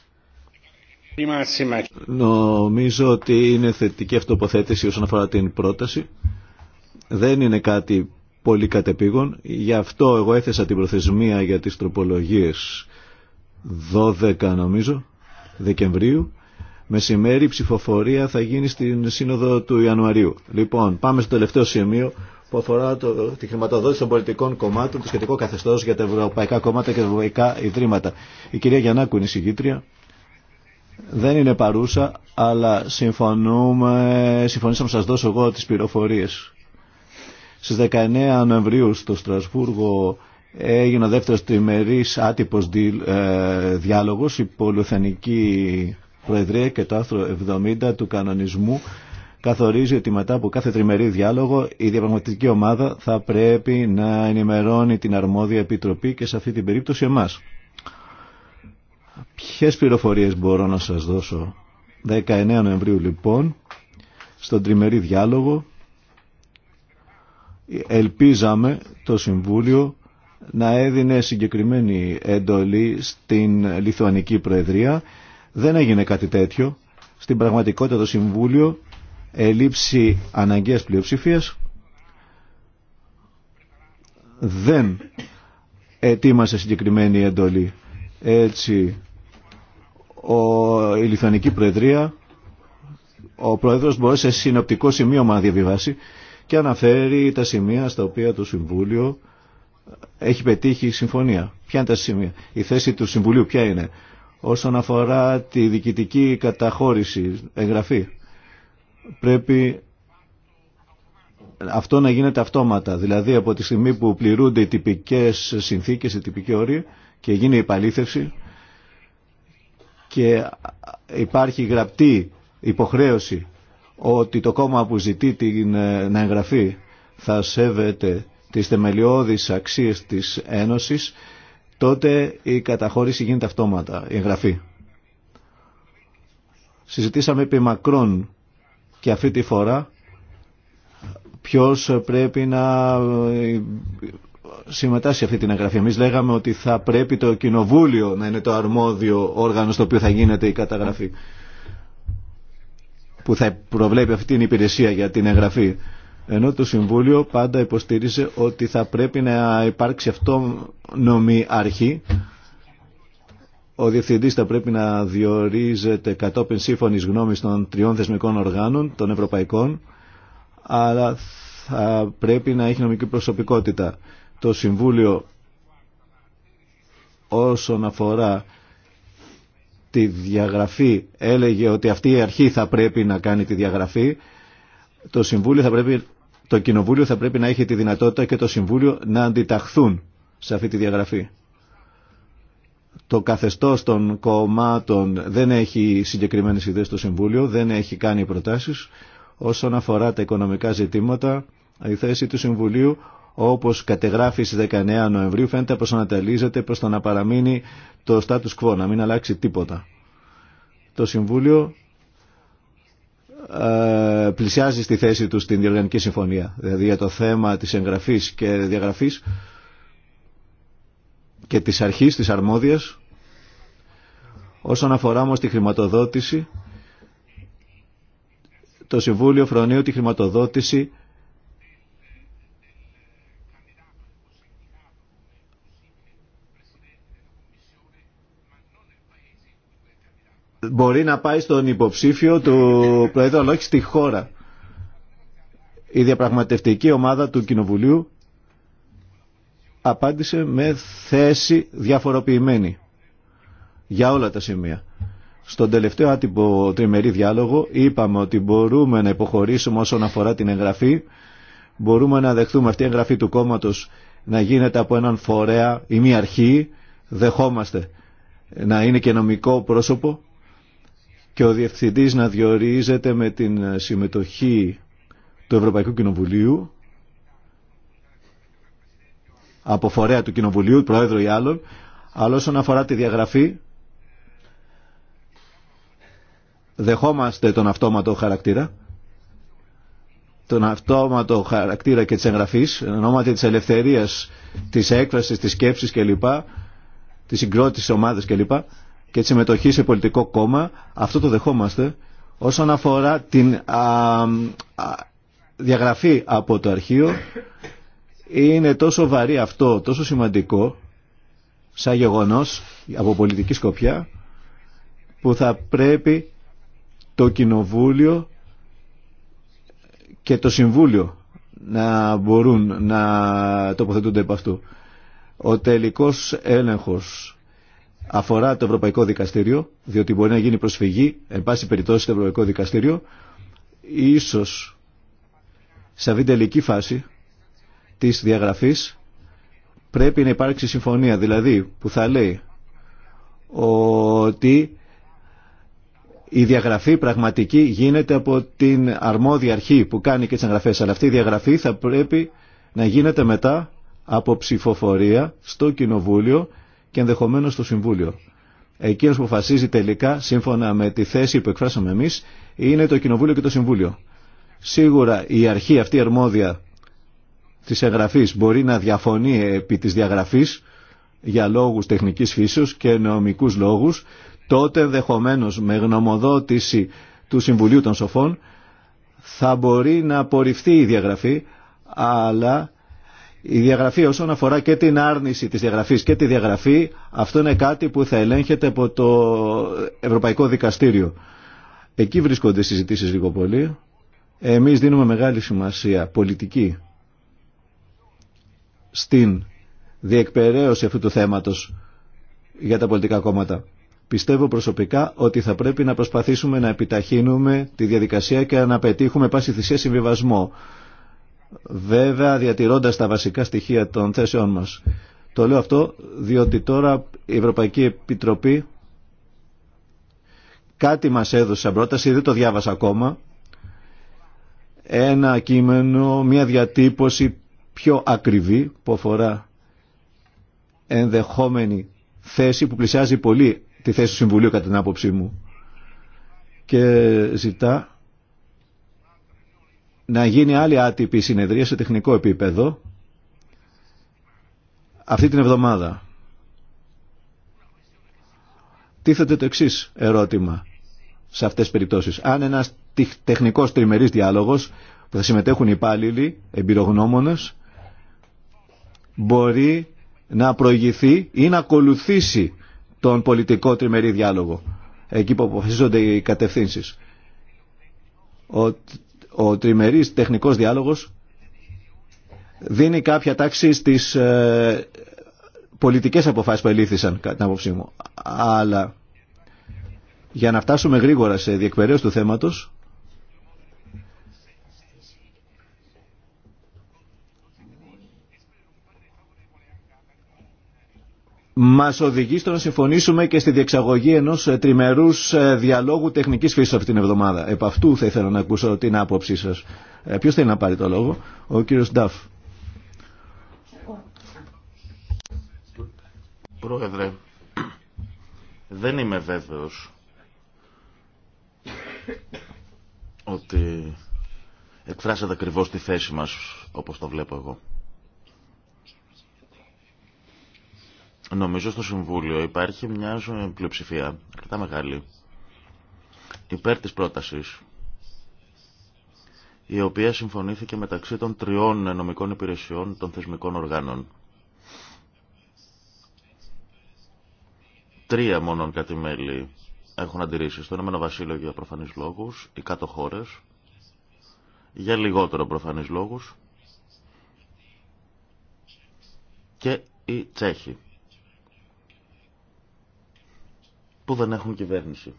Νομίζω ότι είναι θετική αυτοποθέτηση όσον αφορά την πρόταση. Δεν είναι κάτι πολύ κατεπήγον. Γι' αυτό εγώ έθεσα την προθεσμία για τις τροπολογίες 12 νομίζω Δεκεμβρίου. Μεσημέρι η ψηφοφορία θα γίνει στην Σύνοδο του Ιανουαρίου. Λοιπόν, πάμε στο τελευταίο σημείο που αφορά το, τη χρηματοδότηση των πολιτικών κομμάτων, το σχετικό καθεστώ για τα ευρωπαϊκά κόμματα και τα ευρωπαϊκά ιδρύματα. Η κυρία Γιαννάκου είναι η συγκήτρια. Δεν είναι παρούσα, αλλά συμφωνούμε, συμφωνήσαμε να σα δώσω εγώ τι πληροφορίε. Στι 19 Νοεμβρίου στο Στρασβούργο Έγινε ο δεύτερος τριμερής άτυπος ε, διάλογος υπό Λουθανική Προεδρία και το άρθρο 70 του κανονισμού καθορίζει ότι μετά από κάθε τριμερή διάλογο η διαπραγματική ομάδα θα πρέπει να ενημερώνει την αρμόδια επιτροπή και σε αυτή την περίπτωση εμάς. Ποιες πληροφορίες μπορώ να σας δώσω. 19 Νοεμβρίου λοιπόν, στον τριμερή διάλογο, ελπίζαμε το Συμβούλιο να έδινε συγκεκριμένη έντολη στην Λιθουανική Προεδρία. Δεν έγινε κάτι τέτοιο. Στην πραγματικότητα το Συμβούλιο ελείψη αναγκαίας πλειοψηφίας δεν ετοίμασε συγκεκριμένη έντολη. Έτσι, ο, η Λιθουανική Προεδρία, ο Πρόεδρος μπορεί σε συνοπτικό σημείο να διαβιβάσει και αναφέρει τα σημεία στα οποία το Συμβούλιο έχει πετύχει η συμφωνία. Ποια είναι τα σημεία. Η θέση του Συμβουλίου ποια είναι. Όσον αφορά τη διοικητική καταχώρηση, εγγραφή, πρέπει αυτό να γίνεται αυτόματα. Δηλαδή από τη στιγμή που πληρούνται οι τυπικές συνθήκες, οι τυπικοί όροι και γίνει η παλήθευση και υπάρχει γραπτή υποχρέωση ότι το κόμμα που ζητεί την, ε, να εγγραφεί θα σέβεται τις θεμελιώδεις αξίες της Ένωσης, τότε η καταχώρηση γίνεται αυτόματα, η εγγραφή. Συζητήσαμε επί μακρόν και αυτή τη φορά ποιος πρέπει να συμμετάσχει αυτή την εγγραφή. Εμείς λέγαμε ότι θα πρέπει το κοινοβούλιο να είναι το αρμόδιο όργανο στο οποίο θα γίνεται η καταγραφή που θα προβλέπει αυτή την υπηρεσία για την εγγραφή ενώ το Συμβούλιο πάντα υποστήριζε ότι θα πρέπει να υπάρξει αυτόνομη αρχή ο διευθυντή θα πρέπει να διορίζεται κατόπιν σύμφωνη γνώμη των τριών θεσμικών οργάνων, των ευρωπαϊκών, αλλά θα πρέπει να έχει νομική προσωπικότητα. Το Συμβούλιο όσον αφορά τη διαγραφή έλεγε ότι αυτή η αρχή θα πρέπει να κάνει τη διαγραφή το, Συμβούλιο θα πρέπει, το Κοινοβούλιο θα πρέπει να έχει τη δυνατότητα και το Συμβούλιο να αντιταχθούν σε αυτή τη διαγραφή. Το καθεστώς των κομμάτων δεν έχει συγκεκριμένες ιδέες στο Συμβούλιο, δεν έχει κάνει προτάσεις. Όσον αφορά τα οικονομικά ζητήματα, η θέση του Συμβουλίου όπως κατεγράφει στις 19 Νοεμβρίου φαίνεται πως ανατελίζεται προς το να παραμείνει το status quo, να μην αλλάξει τίποτα. Το Συμβούλιο ε, πλησιάζει στη θέση του στην Διοργανική Συμφωνία. Δηλαδή για το θέμα της εγγραφής και διαγραφής και της αρχής, της αρμόδιας, όσον αφορά όμως τη χρηματοδότηση, το Συμβούλιο φρονεί ότι η χρηματοδότηση μπορεί να πάει στον υποψήφιο του Προέδρου, αλλά όχι στη χώρα. Η διαπραγματευτική ομάδα του Κοινοβουλίου απάντησε με θέση διαφοροποιημένη για όλα τα σημεία. Στον τελευταίο άτυπο τριμερή διάλογο είπαμε ότι μπορούμε να υποχωρήσουμε όσον αφορά την εγγραφή, μπορούμε να δεχθούμε αυτή η εγγραφή του κόμματος να γίνεται από έναν φορέα ή μία αρχή, δεχόμαστε να είναι και νομικό πρόσωπο, και ο Διευθυντής να διορίζεται με την ε, συμμετοχή του Ευρωπαϊκού Κοινοβουλίου από φορέα του Κοινοβουλίου, Πρόεδρο ή άλλων, αλλά όσον αφορά τη διαγραφή δεχόμαστε τον αυτόματο χαρακτήρα τον αυτόματο χαρακτήρα και της εγγραφής, ονόματι της ελευθερίας, της έκφρασης, της σκέψης κλπ, της συγκρότησης ομάδας κλπ και τη συμμετοχή σε πολιτικό κόμμα. Αυτό το δεχόμαστε. Όσον αφορά την διαγραφή από το αρχείο, είναι τόσο βαρύ αυτό, τόσο σημαντικό, σαν γεγονός από πολιτική σκοπιά, που θα πρέπει το Κοινοβούλιο και το Συμβούλιο να μπορούν να τοποθετούνται από αυτού. Ο τελικός έλεγχος αφορά το Ευρωπαϊκό Δικαστήριο, διότι μπορεί να γίνει προσφυγή, εν πάση περιπτώσει, στο Ευρωπαϊκό Δικαστήριο, ίσως σε αυτήν την τελική φάση της διαγραφής πρέπει να υπάρξει συμφωνία, δηλαδή που θα λέει ότι η διαγραφή πραγματική γίνεται από την αρμόδια αρχή που κάνει και τις εγγραφές, αλλά αυτή η διαγραφή θα πρέπει να γίνεται μετά από ψηφοφορία στο Κοινοβούλιο και ενδεχομένω το Συμβούλιο. Εκείνο που αποφασίζει τελικά, σύμφωνα με τη θέση που εκφράσαμε εμεί, είναι το Κοινοβούλιο και το Συμβούλιο. Σίγουρα η αρχή αυτή αρμόδια της εγγραφή μπορεί να διαφωνεί επί της διαγραφής για λόγους τεχνικής φύσεω και νομικού λόγους, τότε ενδεχομένω με γνωμοδότηση του Συμβουλίου των Σοφών θα μπορεί να απορριφθεί η διαγραφή, αλλά η διαγραφή όσον αφορά και την άρνηση της διαγραφής και τη διαγραφή, αυτό είναι κάτι που θα ελέγχεται από το Ευρωπαϊκό Δικαστήριο. Εκεί βρίσκονται συζητήσει συζητήσεις λίγο πολύ. Εμείς δίνουμε μεγάλη σημασία πολιτική στην διεκπαιρέωση αυτού του θέματος για τα πολιτικά κόμματα. Πιστεύω προσωπικά ότι θα πρέπει να προσπαθήσουμε να επιταχύνουμε τη διαδικασία και να πετύχουμε πάση θυσία συμβιβασμό βέβαια διατηρώντας τα βασικά στοιχεία των θέσεών μας. Το λέω αυτό διότι τώρα η Ευρωπαϊκή Επιτροπή κάτι μας έδωσε σαν πρόταση, δεν το διάβασα ακόμα, ένα κείμενο, μια διατύπωση πιο ακριβή που αφορά ενδεχόμενη θέση που πλησιάζει πολύ τη θέση του Συμβουλίου κατά την άποψή μου και ζητά να γίνει άλλη άτυπη συνεδρία σε τεχνικό επίπεδο αυτή την εβδομάδα. Τίθεται το εξής ερώτημα σε αυτές τις περιπτώσεις. Αν ένας τεχνικός τριμερής διάλογος που θα συμμετέχουν οι υπάλληλοι, εμπειρογνώμονες, μπορεί να προηγηθεί ή να ακολουθήσει τον πολιτικό τριμερή διάλογο, εκεί που αποφασίζονται οι κατευθύνσεις ο τριμερής τεχνικός διάλογος δίνει κάποια τάξη στις ε, πολιτικές αποφάσεις που ελήφθησαν κατά την άποψή μου. Αλλά για να φτάσουμε γρήγορα σε διεκπαιρέωση του θέματος μας οδηγεί στο να συμφωνήσουμε και στη διεξαγωγή ενός τριμερούς ε, διαλόγου τεχνικής φύσης αυτήν την εβδομάδα. Επ' αυτού θα ήθελα να ακούσω την άποψή σας. Ε, ποιος θέλει να πάρει το λόγο, ο κύριος Νταφ. Πρόεδρε, δεν είμαι βέβαιος ότι εκφράσατε ακριβώς τη θέση μας όπως το βλέπω εγώ. Νομίζω στο Συμβούλιο υπάρχει μια πλειοψηφία αρκετά μεγάλη υπέρ της πρότασης η οποία συμφωνήθηκε μεταξύ των τριών νομικών υπηρεσιών των θεσμικών οργάνων. Τρία μόνον μέλη έχουν αντιρρήσει. στο Ηνωμένο Βασίλειο για προφανείς λόγους, οι κάτω χώρες, για λιγότερο προφανείς λόγους και οι Τσέχοι. που δεν έχουν κυβέρνηση.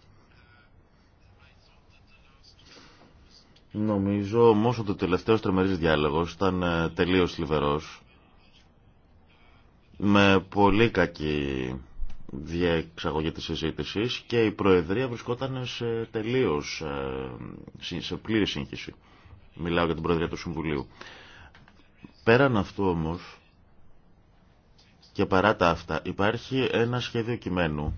Νομίζω όμως ότι ο τελευταίος τρεμερής διάλογος ήταν ε, τελείως λιβερός με πολύ κακή διεξαγωγή της συζήτηση και η Προεδρία βρισκόταν σε τελείως, ε, σε πλήρη σύγχυση. Μιλάω για την Προεδρία του Συμβουλίου. Πέραν αυτού όμως και παρά τα αυτά υπάρχει ένα σχέδιο κειμένου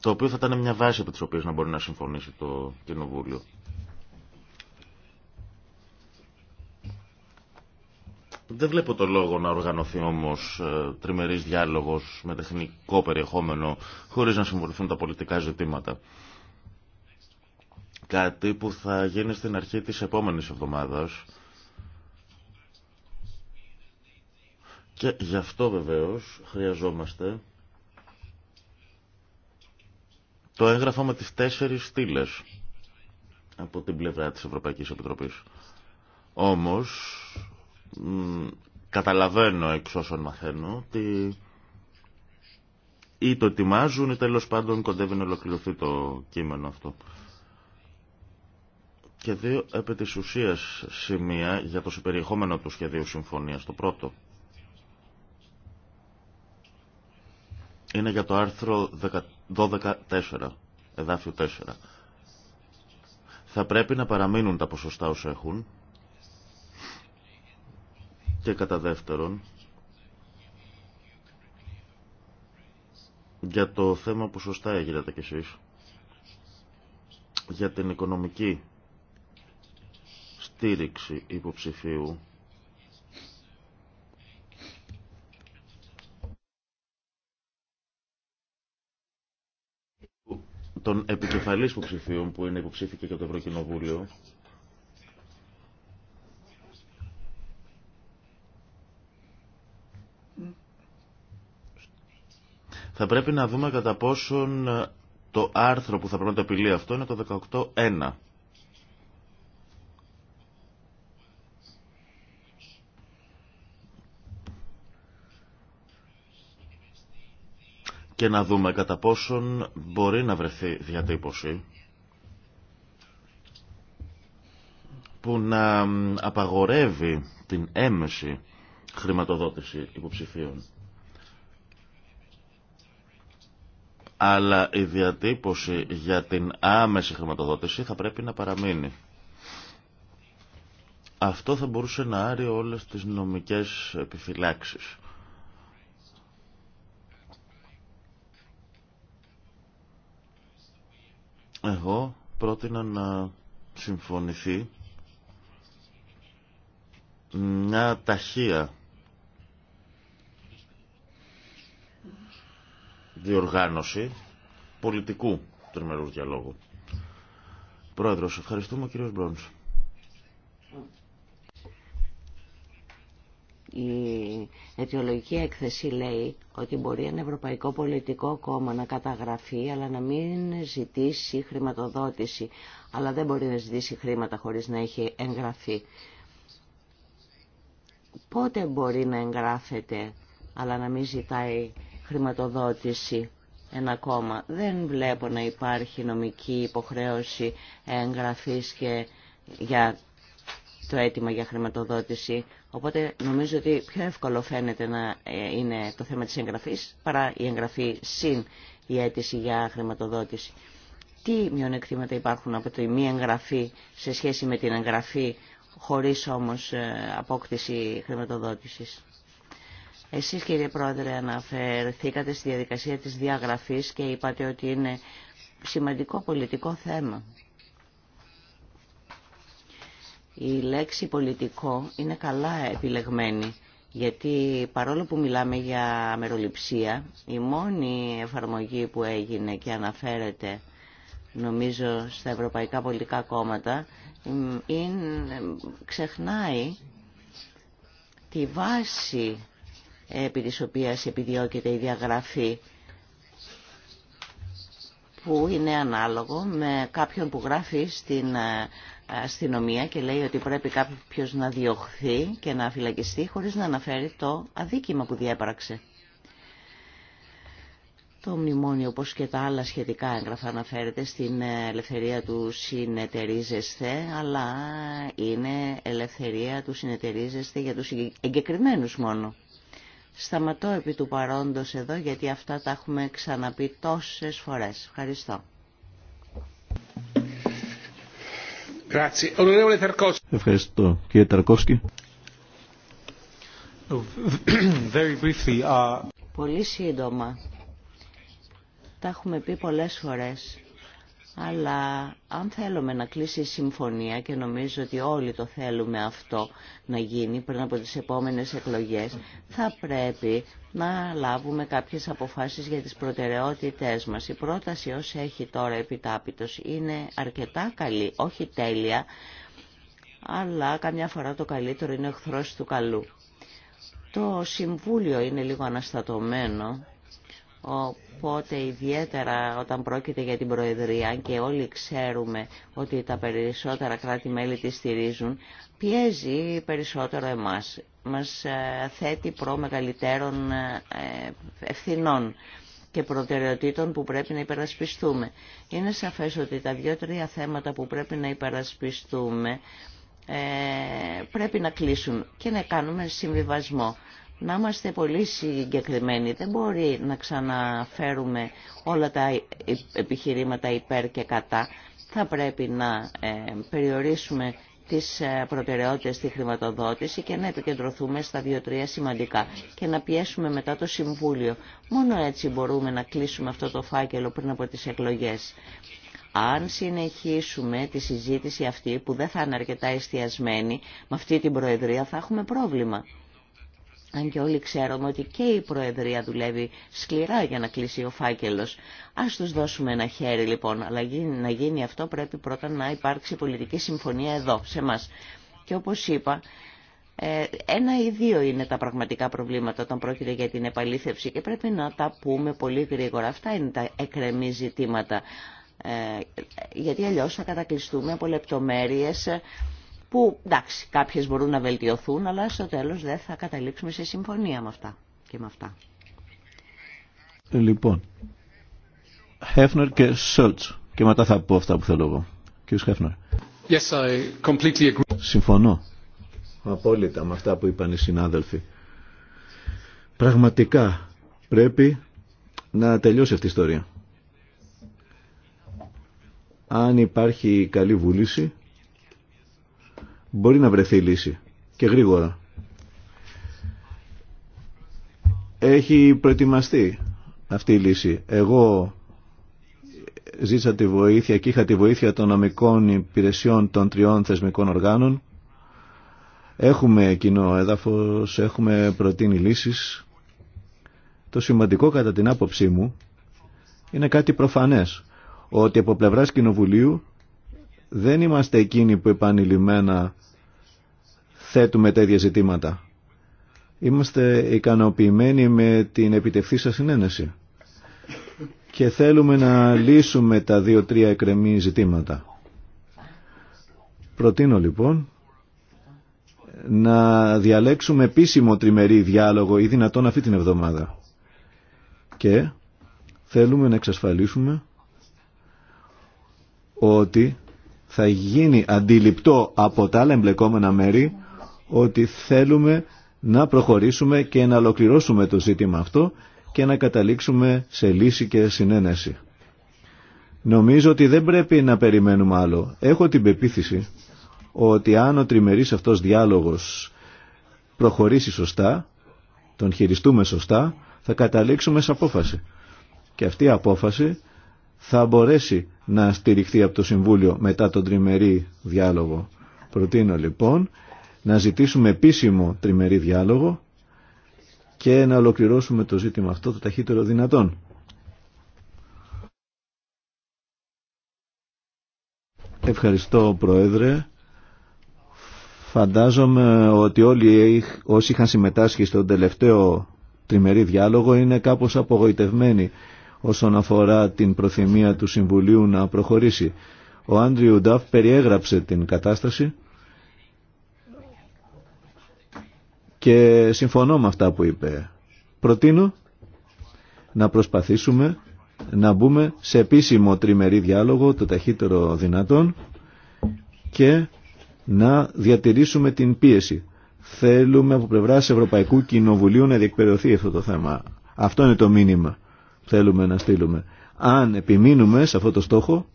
το οποίο θα ήταν μια βάση από τις οποίες να μπορεί να συμφωνήσει το Κοινοβούλιο. Δεν βλέπω το λόγο να οργανωθεί όμως ε, τριμερής διάλογος με τεχνικό περιεχόμενο χωρίς να συμβοληθούν τα πολιτικά ζητήματα. Κάτι που θα γίνει στην αρχή της επόμενης εβδομάδας και γι' αυτό βεβαίως χρειαζόμαστε το έγγραφα με τις τέσσερις στήλε από την πλευρά της Ευρωπαϊκής Επιτροπής. Όμως, καταλαβαίνω εξ όσων μαθαίνω ότι ή το ετοιμάζουν ή τέλος πάντων κοντεύει να ολοκληρωθεί το κείμενο αυτό. Και δύο επί της ουσίας σημεία για το συμπεριεχόμενο του σχεδίου συμφωνίας. Το πρώτο, είναι για το άρθρο 12.4, εδάφιο 4. Θα πρέπει να παραμείνουν τα ποσοστά όσα έχουν και κατά δεύτερον για το θέμα που σωστά έγινατε κι εσείς για την οικονομική στήριξη υποψηφίου των επικεφαλής υποψηφίων που είναι υποψήφιοι και για το Ευρωκοινοβούλιο θα πρέπει να δούμε κατά πόσον το άρθρο που θα πρέπει να το επιλύει αυτό είναι το 18.1 και να δούμε κατά πόσον μπορεί να βρεθεί διατύπωση που να απαγορεύει την έμεση χρηματοδότηση υποψηφίων. Αλλά η διατύπωση για την άμεση χρηματοδότηση θα πρέπει να παραμείνει. Αυτό θα μπορούσε να άρει όλες τις νομικές επιφυλάξεις. Εγώ πρότεινα να συμφωνηθεί μια ταχεία διοργάνωση πολιτικού τριμερούς διαλόγου. Πρόεδρος, ευχαριστούμε ο κύριος Μπρόνς. Η αιτιολογική έκθεση λέει ότι μπορεί ένα ευρωπαϊκό πολιτικό κόμμα να καταγραφεί αλλά να μην ζητήσει χρηματοδότηση. Αλλά δεν μπορεί να ζητήσει χρήματα χωρίς να έχει εγγραφεί. Πότε μπορεί να εγγράφεται αλλά να μην ζητάει χρηματοδότηση ένα κόμμα. Δεν βλέπω να υπάρχει νομική υποχρέωση εγγραφής και για το αίτημα για χρηματοδότηση Οπότε νομίζω ότι πιο εύκολο φαίνεται να ε, είναι το θέμα της εγγραφής παρά η εγγραφή συν η αίτηση για χρηματοδότηση. Τι μειονεκτήματα υπάρχουν από τη μη εγγραφή σε σχέση με την εγγραφή χωρίς όμως ε, απόκτηση χρηματοδότησης. Εσείς κύριε Πρόεδρε αναφερθήκατε στη διαδικασία της διαγραφής και είπατε ότι είναι σημαντικό πολιτικό θέμα. Η λέξη πολιτικό είναι καλά επιλεγμένη, γιατί παρόλο που μιλάμε για μεροληψία, η μόνη εφαρμογή που έγινε και αναφέρεται νομίζω στα ευρωπαϊκά πολιτικά κόμματα είναι, ξεχνάει τη βάση επί της οποίας επιδιώκεται η διαγραφή που είναι ανάλογο με κάποιον που γράφει στην ε, αστυνομία και λέει ότι πρέπει κάποιος να διωχθεί και να φυλακιστεί χωρίς να αναφέρει το αδίκημα που διέπραξε. Το μνημόνιο, όπως και τα άλλα σχετικά έγγραφα, αναφέρεται στην ελευθερία του συνεταιρίζεσθε, αλλά είναι ελευθερία του συνεταιρίζεσθε για τους εγκεκριμένους μόνο. Σταματώ επί του παρόντος εδώ, γιατί αυτά τα έχουμε ξαναπεί τόσες φορές. Ευχαριστώ. Ευχαριστώ. Κύριε Ταρκόφσκι. Very briefly, uh... Πολύ σύντομα. Τα έχουμε πει πολλές φορές αλλά αν θέλουμε να κλείσει η συμφωνία και νομίζω ότι όλοι το θέλουμε αυτό να γίνει πριν από τις επόμενες εκλογές, θα πρέπει να λάβουμε κάποιες αποφάσεις για τις προτεραιότητές μας. Η πρόταση όσο έχει τώρα επιτάπητος είναι αρκετά καλή, όχι τέλεια, αλλά καμιά φορά το καλύτερο είναι εχθρός του καλού. Το Συμβούλιο είναι λίγο αναστατωμένο Οπότε ιδιαίτερα όταν πρόκειται για την Προεδρία και όλοι ξέρουμε ότι τα περισσότερα κράτη-μέλη τη στηρίζουν, πιέζει περισσότερο εμάς. Μας ε, θέτει προ μεγαλύτερων ε, ευθυνών και προτεραιοτήτων που πρέπει να υπερασπιστούμε. Είναι σαφές ότι τα δύο-τρία θέματα που πρέπει να υπερασπιστούμε ε, πρέπει να κλείσουν και να κάνουμε συμβιβασμό να είμαστε πολύ συγκεκριμένοι. Δεν μπορεί να ξαναφέρουμε όλα τα επιχειρήματα υπέρ και κατά. Θα πρέπει να ε, περιορίσουμε τις ε, προτεραιότητες στη χρηματοδότηση και να επικεντρωθούμε στα δύο-τρία σημαντικά και να πιέσουμε μετά το Συμβούλιο. Μόνο έτσι μπορούμε να κλείσουμε αυτό το φάκελο πριν από τις εκλογές. Αν συνεχίσουμε τη συζήτηση αυτή που δεν θα είναι αρκετά εστιασμένη, με αυτή την Προεδρία θα έχουμε πρόβλημα αν και όλοι ξέρουμε ότι και η Προεδρία δουλεύει σκληρά για να κλείσει ο φάκελος. Ας τους δώσουμε ένα χέρι λοιπόν, αλλά να γίνει αυτό πρέπει πρώτα να υπάρξει πολιτική συμφωνία εδώ, σε μας. Και όπως είπα, ε, ένα ή δύο είναι τα πραγματικά προβλήματα όταν πρόκειται για την επαλήθευση και πρέπει να τα πούμε πολύ γρήγορα. Αυτά είναι τα εκρεμή ζητήματα, ε, γιατί αλλιώς θα κατακλειστούμε από λεπτομέρειες που εντάξει κάποιες μπορούν να βελτιωθούν αλλά στο τέλος δεν θα καταλήξουμε σε συμφωνία με αυτά και με αυτά. Λοιπόν, Χέφνερ και Σόλτς και μετά θα πω αυτά που θέλω εγώ. Κύριος Χέφνερ. Yes, I completely agree. Συμφωνώ απόλυτα με αυτά που είπαν οι συνάδελφοι. Πραγματικά πρέπει να τελειώσει αυτή η ιστορία. Αν υπάρχει καλή βούληση, μπορεί να βρεθεί λύση και γρήγορα. Έχει προετοιμαστεί αυτή η λύση. Εγώ ζήσα τη βοήθεια και είχα τη βοήθεια των νομικών υπηρεσιών των τριών θεσμικών οργάνων. Έχουμε κοινό έδαφος, έχουμε προτείνει λύσεις. Το σημαντικό κατά την άποψή μου είναι κάτι προφανές, ότι από πλευράς Κοινοβουλίου δεν είμαστε εκείνοι που επανειλημμένα θέτουμε τέτοια ζητήματα. Είμαστε ικανοποιημένοι με την επιτευχή σας συνένεση και θέλουμε να λύσουμε τα δύο-τρία εκρεμή ζητήματα. Προτείνω λοιπόν να διαλέξουμε επίσημο τριμερή διάλογο ή δυνατόν αυτή την εβδομάδα. Και θέλουμε να εξασφαλίσουμε ότι θα γίνει αντιληπτό από τα άλλα εμπλεκόμενα μέρη ότι θέλουμε να προχωρήσουμε και να ολοκληρώσουμε το ζήτημα αυτό και να καταλήξουμε σε λύση και συνένεση. Νομίζω ότι δεν πρέπει να περιμένουμε άλλο. Έχω την πεποίθηση ότι αν ο τριμερής αυτός διάλογος προχωρήσει σωστά, τον χειριστούμε σωστά, θα καταλήξουμε σε απόφαση. Και αυτή η απόφαση θα μπορέσει να στηριχθεί από το Συμβούλιο μετά τον τριμερή διάλογο. Προτείνω λοιπόν να ζητήσουμε επίσημο τριμερή διάλογο και να ολοκληρώσουμε το ζήτημα αυτό το ταχύτερο δυνατόν. Ευχαριστώ Πρόεδρε. Φαντάζομαι ότι όλοι όσοι είχαν συμμετάσχει στον τελευταίο τριμερή διάλογο είναι κάπως απογοητευμένοι όσον αφορά την προθυμία του Συμβουλίου να προχωρήσει. Ο Άντριου Νταφ περιέγραψε την κατάσταση και συμφωνώ με αυτά που είπε. Προτείνω να προσπαθήσουμε να μπούμε σε επίσημο τριμερή διάλογο το ταχύτερο δυνατόν και να διατηρήσουμε την πίεση. Θέλουμε από πλευρά Ευρωπαϊκού Κοινοβουλίου να διεκπαιρεωθεί αυτό το θέμα. Αυτό είναι το μήνυμα θέλουμε να στείλουμε. Αν επιμείνουμε σε αυτό το στόχο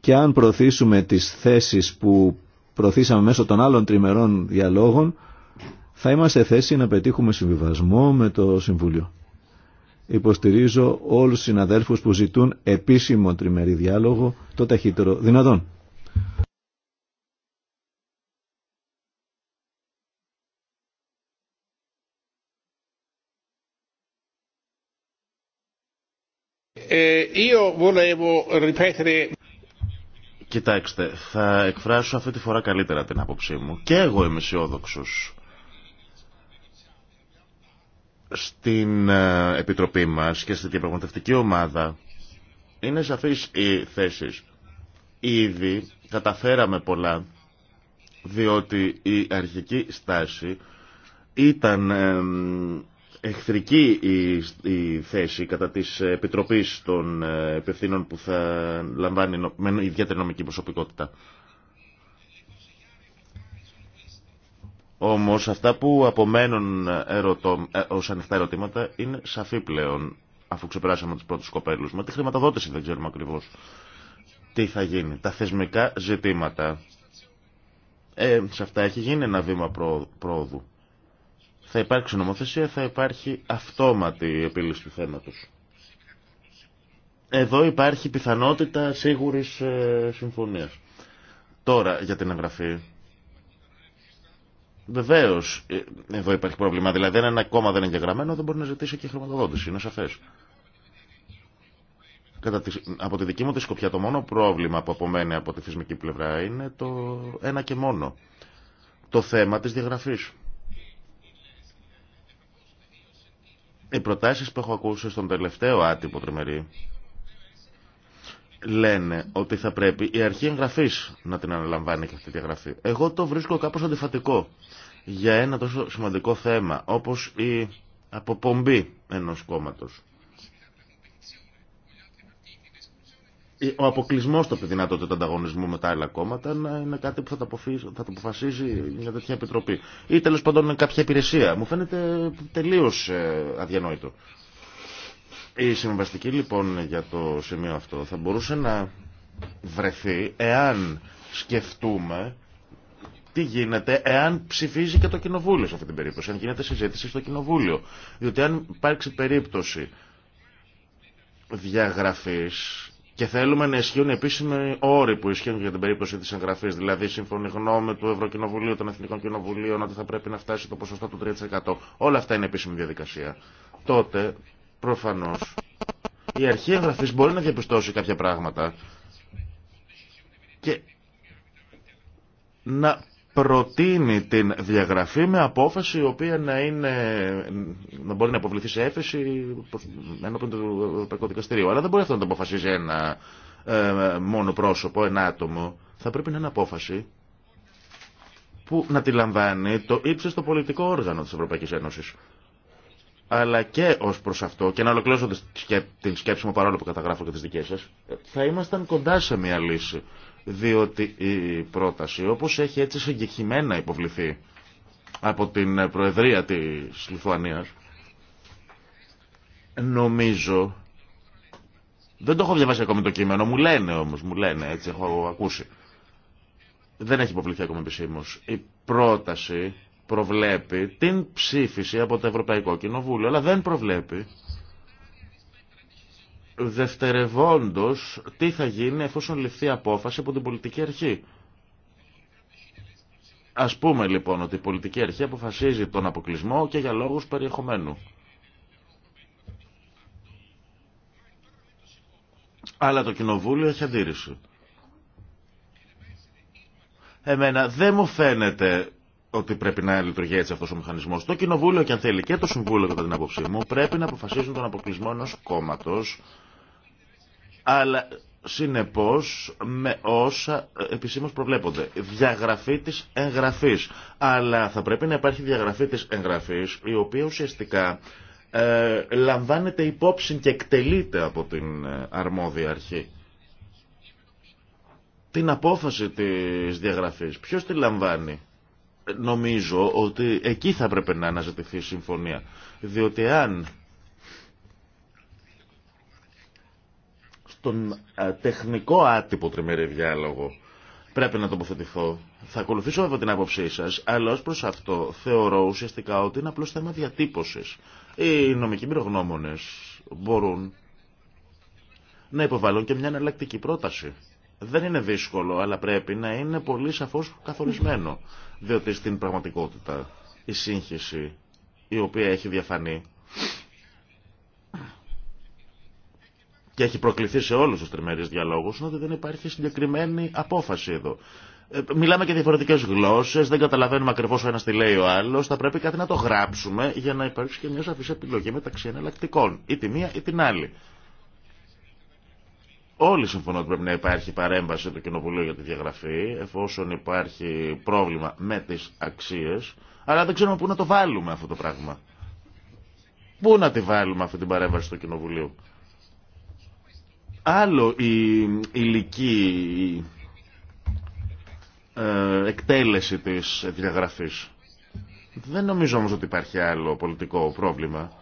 και αν προωθήσουμε τις θέσεις που προωθήσαμε μέσω των άλλων τριμερών διαλόγων, θα είμαστε θέση να πετύχουμε συμβιβασμό με το Συμβούλιο. Υποστηρίζω όλους τους συναδέλφους που ζητούν επίσημο τριμερή διάλογο το ταχύτερο δυνατόν. Ε, io volevo ripetere... Κοιτάξτε, θα εκφράσω αυτή τη φορά καλύτερα την άποψή μου. Και εγώ είμαι αισιόδοξο. Στην ε, Επιτροπή μας και στη διαπραγματευτική ομάδα είναι σαφείς οι θέσεις. Ήδη καταφέραμε πολλά διότι η αρχική στάση ήταν εχθρική η, θέση κατά της Επιτροπής των Επευθύνων που θα λαμβάνει με ιδιαίτερη νομική προσωπικότητα. Όμως αυτά που απομένουν ε, ερωτώ, ε, ως ανοιχτά ερωτήματα είναι σαφή πλέον αφού ξεπεράσαμε τους πρώτους κοπέλους. Μα τη χρηματοδότηση δεν ξέρουμε ακριβώς τι θα γίνει. Τα θεσμικά ζητήματα. Ε, σε αυτά έχει γίνει ένα βήμα πρόοδου θα υπάρξει νομοθεσία, θα υπάρχει αυτόματη επίλυση του θέματος. Εδώ υπάρχει πιθανότητα σίγουρης ε, συμφωνίας. Τώρα, για την εγγραφή, Βεβαίω, ε, εδώ υπάρχει πρόβλημα. Δηλαδή, αν ένα κόμμα δεν είναι εγγεγραμμένο, δεν μπορεί να ζητήσει και χρηματοδότηση. Είναι σαφέ. Από τη δική μου τη σκοπιά, το μόνο πρόβλημα που απομένει από τη θεσμική πλευρά είναι το ένα και μόνο. Το θέμα της διαγραφής. Οι προτάσεις που έχω ακούσει στον τελευταίο άτυπο τριμερή λένε ότι θα πρέπει η αρχή εγγραφή να την αναλαμβάνει και αυτή τη εγγραφή. Εγώ το βρίσκω κάπως αντιφατικό για ένα τόσο σημαντικό θέμα όπως η αποπομπή ενός κόμματος. Ε, ο αποκλεισμό του από τη ανταγωνισμού με τα άλλα κόμματα να είναι κάτι που θα το, θα αποφασίζει μια τέτοια επιτροπή. Ή τέλο πάντων κάποια υπηρεσία. Μου φαίνεται τελείω ε, αδιανόητο. Η συμβαστική λοιπόν για το σημείο αυτό θα μπορούσε να βρεθεί εάν σκεφτούμε τι γίνεται εάν ψηφίζει και το κοινοβούλιο σε αυτή την περίπτωση, αν γίνεται συζήτηση στο κοινοβούλιο. Διότι αν υπάρξει περίπτωση διαγραφής και θέλουμε να ισχύουν οι επίσημοι όροι που ισχύουν για την περίπτωση τη εγγραφή. Δηλαδή, σύμφωνη γνώμη του Ευρωκοινοβουλίου, των Εθνικών Κοινοβουλίων, ότι θα πρέπει να φτάσει το ποσοστό του 3%. Όλα αυτά είναι επίσημη διαδικασία. Τότε, προφανώ, η αρχή εγγραφή μπορεί να διαπιστώσει κάποια πράγματα και να προτείνει την διαγραφή με απόφαση η οποία να, είναι, να μπορεί να αποβληθεί σε έφεση ενώπιον του Ευρωπαϊκού Δικαστηρίου. Αλλά δεν μπορεί αυτό να το αποφασίζει ένα ε, μόνο πρόσωπο, ένα άτομο. Θα πρέπει να είναι απόφαση που να τη λαμβάνει το ύψιστο πολιτικό όργανο της Ευρωπαϊκής Ένωσης. Αλλά και ω προ αυτό, και να ολοκληρώσω την σκέψη μου παρόλο που καταγράφω και τι δικέ σα, ε, θα ήμασταν κοντά σε μια λύση διότι η πρόταση όπως έχει έτσι συγκεκριμένα υποβληθεί από την Προεδρία της Λιθουανίας νομίζω δεν το έχω διαβάσει ακόμη το κείμενο, μου λένε όμως, μου λένε, έτσι έχω ακούσει. Δεν έχει υποβληθεί ακόμη επισήμως Η πρόταση προβλέπει την ψήφιση από το Ευρωπαϊκό Κοινοβούλιο, αλλά δεν προβλέπει δευτερευόντως τι θα γίνει εφόσον ληφθεί απόφαση από την πολιτική αρχή. Ας πούμε λοιπόν ότι η πολιτική αρχή αποφασίζει τον αποκλεισμό και για λόγους περιεχομένου. Αλλά το κοινοβούλιο έχει αντίρρηση. Εμένα δεν μου φαίνεται ότι πρέπει να λειτουργεί έτσι αυτό ο μηχανισμό. Το Κοινοβούλιο και αν θέλει και το Συμβούλιο κατά την άποψή μου πρέπει να αποφασίζουν τον αποκλεισμό ενό κόμματο αλλά συνεπώς με όσα επισήμως προβλέπονται. Διαγραφή της εγγραφής. Αλλά θα πρέπει να υπάρχει διαγραφή της εγγραφής η οποία ουσιαστικά ε, λαμβάνεται υπόψη και εκτελείται από την ε, αρμόδια αρχή. Την απόφαση της διαγραφής. Ποιος τη λαμβάνει. Νομίζω ότι εκεί θα πρέπει να αναζητηθεί συμφωνία. Διότι αν στον ε, τεχνικό άτυπο τριμερή διάλογο πρέπει να τοποθετηθώ. Θα ακολουθήσω από την άποψή σα, αλλά ω προ αυτό θεωρώ ουσιαστικά ότι είναι απλώ θέμα διατύπωση. Οι νομικοί πυρογνώμονε μπορούν να υποβαλούν και μια εναλλακτική πρόταση. Δεν είναι δύσκολο, αλλά πρέπει να είναι πολύ σαφώ καθορισμένο. Διότι στην πραγματικότητα η σύγχυση η οποία έχει διαφανεί και έχει προκληθεί σε όλους τους τριμερείς διαλόγους είναι ότι δεν υπάρχει συγκεκριμένη απόφαση εδώ. Ε, μιλάμε και διαφορετικέ γλώσσε, δεν καταλαβαίνουμε ακριβώ ο ένα τι λέει ο άλλο. Θα πρέπει κάτι να το γράψουμε για να υπάρξει και μια σαφή επιλογή μεταξύ εναλλακτικών, ή τη μία ή την άλλη. Όλοι συμφωνούν ότι πρέπει να υπάρχει παρέμβαση του Κοινοβουλίου για τη διαγραφή, εφόσον υπάρχει πρόβλημα με τι αξίε, αλλά δεν ξέρουμε πού να το βάλουμε αυτό το πράγμα. Πού να τη βάλουμε αυτή την παρέμβαση του Κοινοβουλίου άλλο η ηλική ε, εκτέλεση της διαγραφής. Δεν νομίζω όμως ότι υπάρχει άλλο πολιτικό πρόβλημα.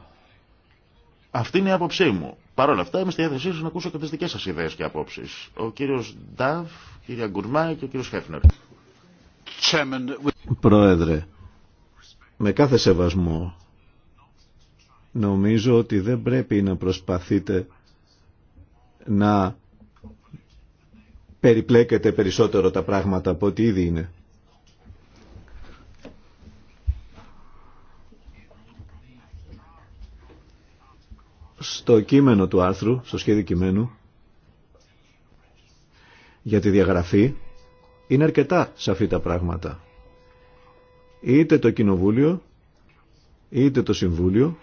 Αυτή είναι η άποψή μου. Παρ' όλα αυτά είμαι στη διάθεσή σας να ακούσω και τις δικές σας ιδέες και απόψεις. Ο κύριος Νταβ, κύρια Γκουρμά και ο κύριος Χέφνερ. Πρόεδρε, με κάθε σεβασμό νομίζω ότι δεν πρέπει να προσπαθείτε να περιπλέκεται περισσότερο τα πράγματα από ό,τι ήδη είναι. Στο κείμενο του άρθρου, στο σχέδιο κειμένου, για τη διαγραφή, είναι αρκετά σαφή τα πράγματα. Είτε το Κοινοβούλιο, είτε το Συμβούλιο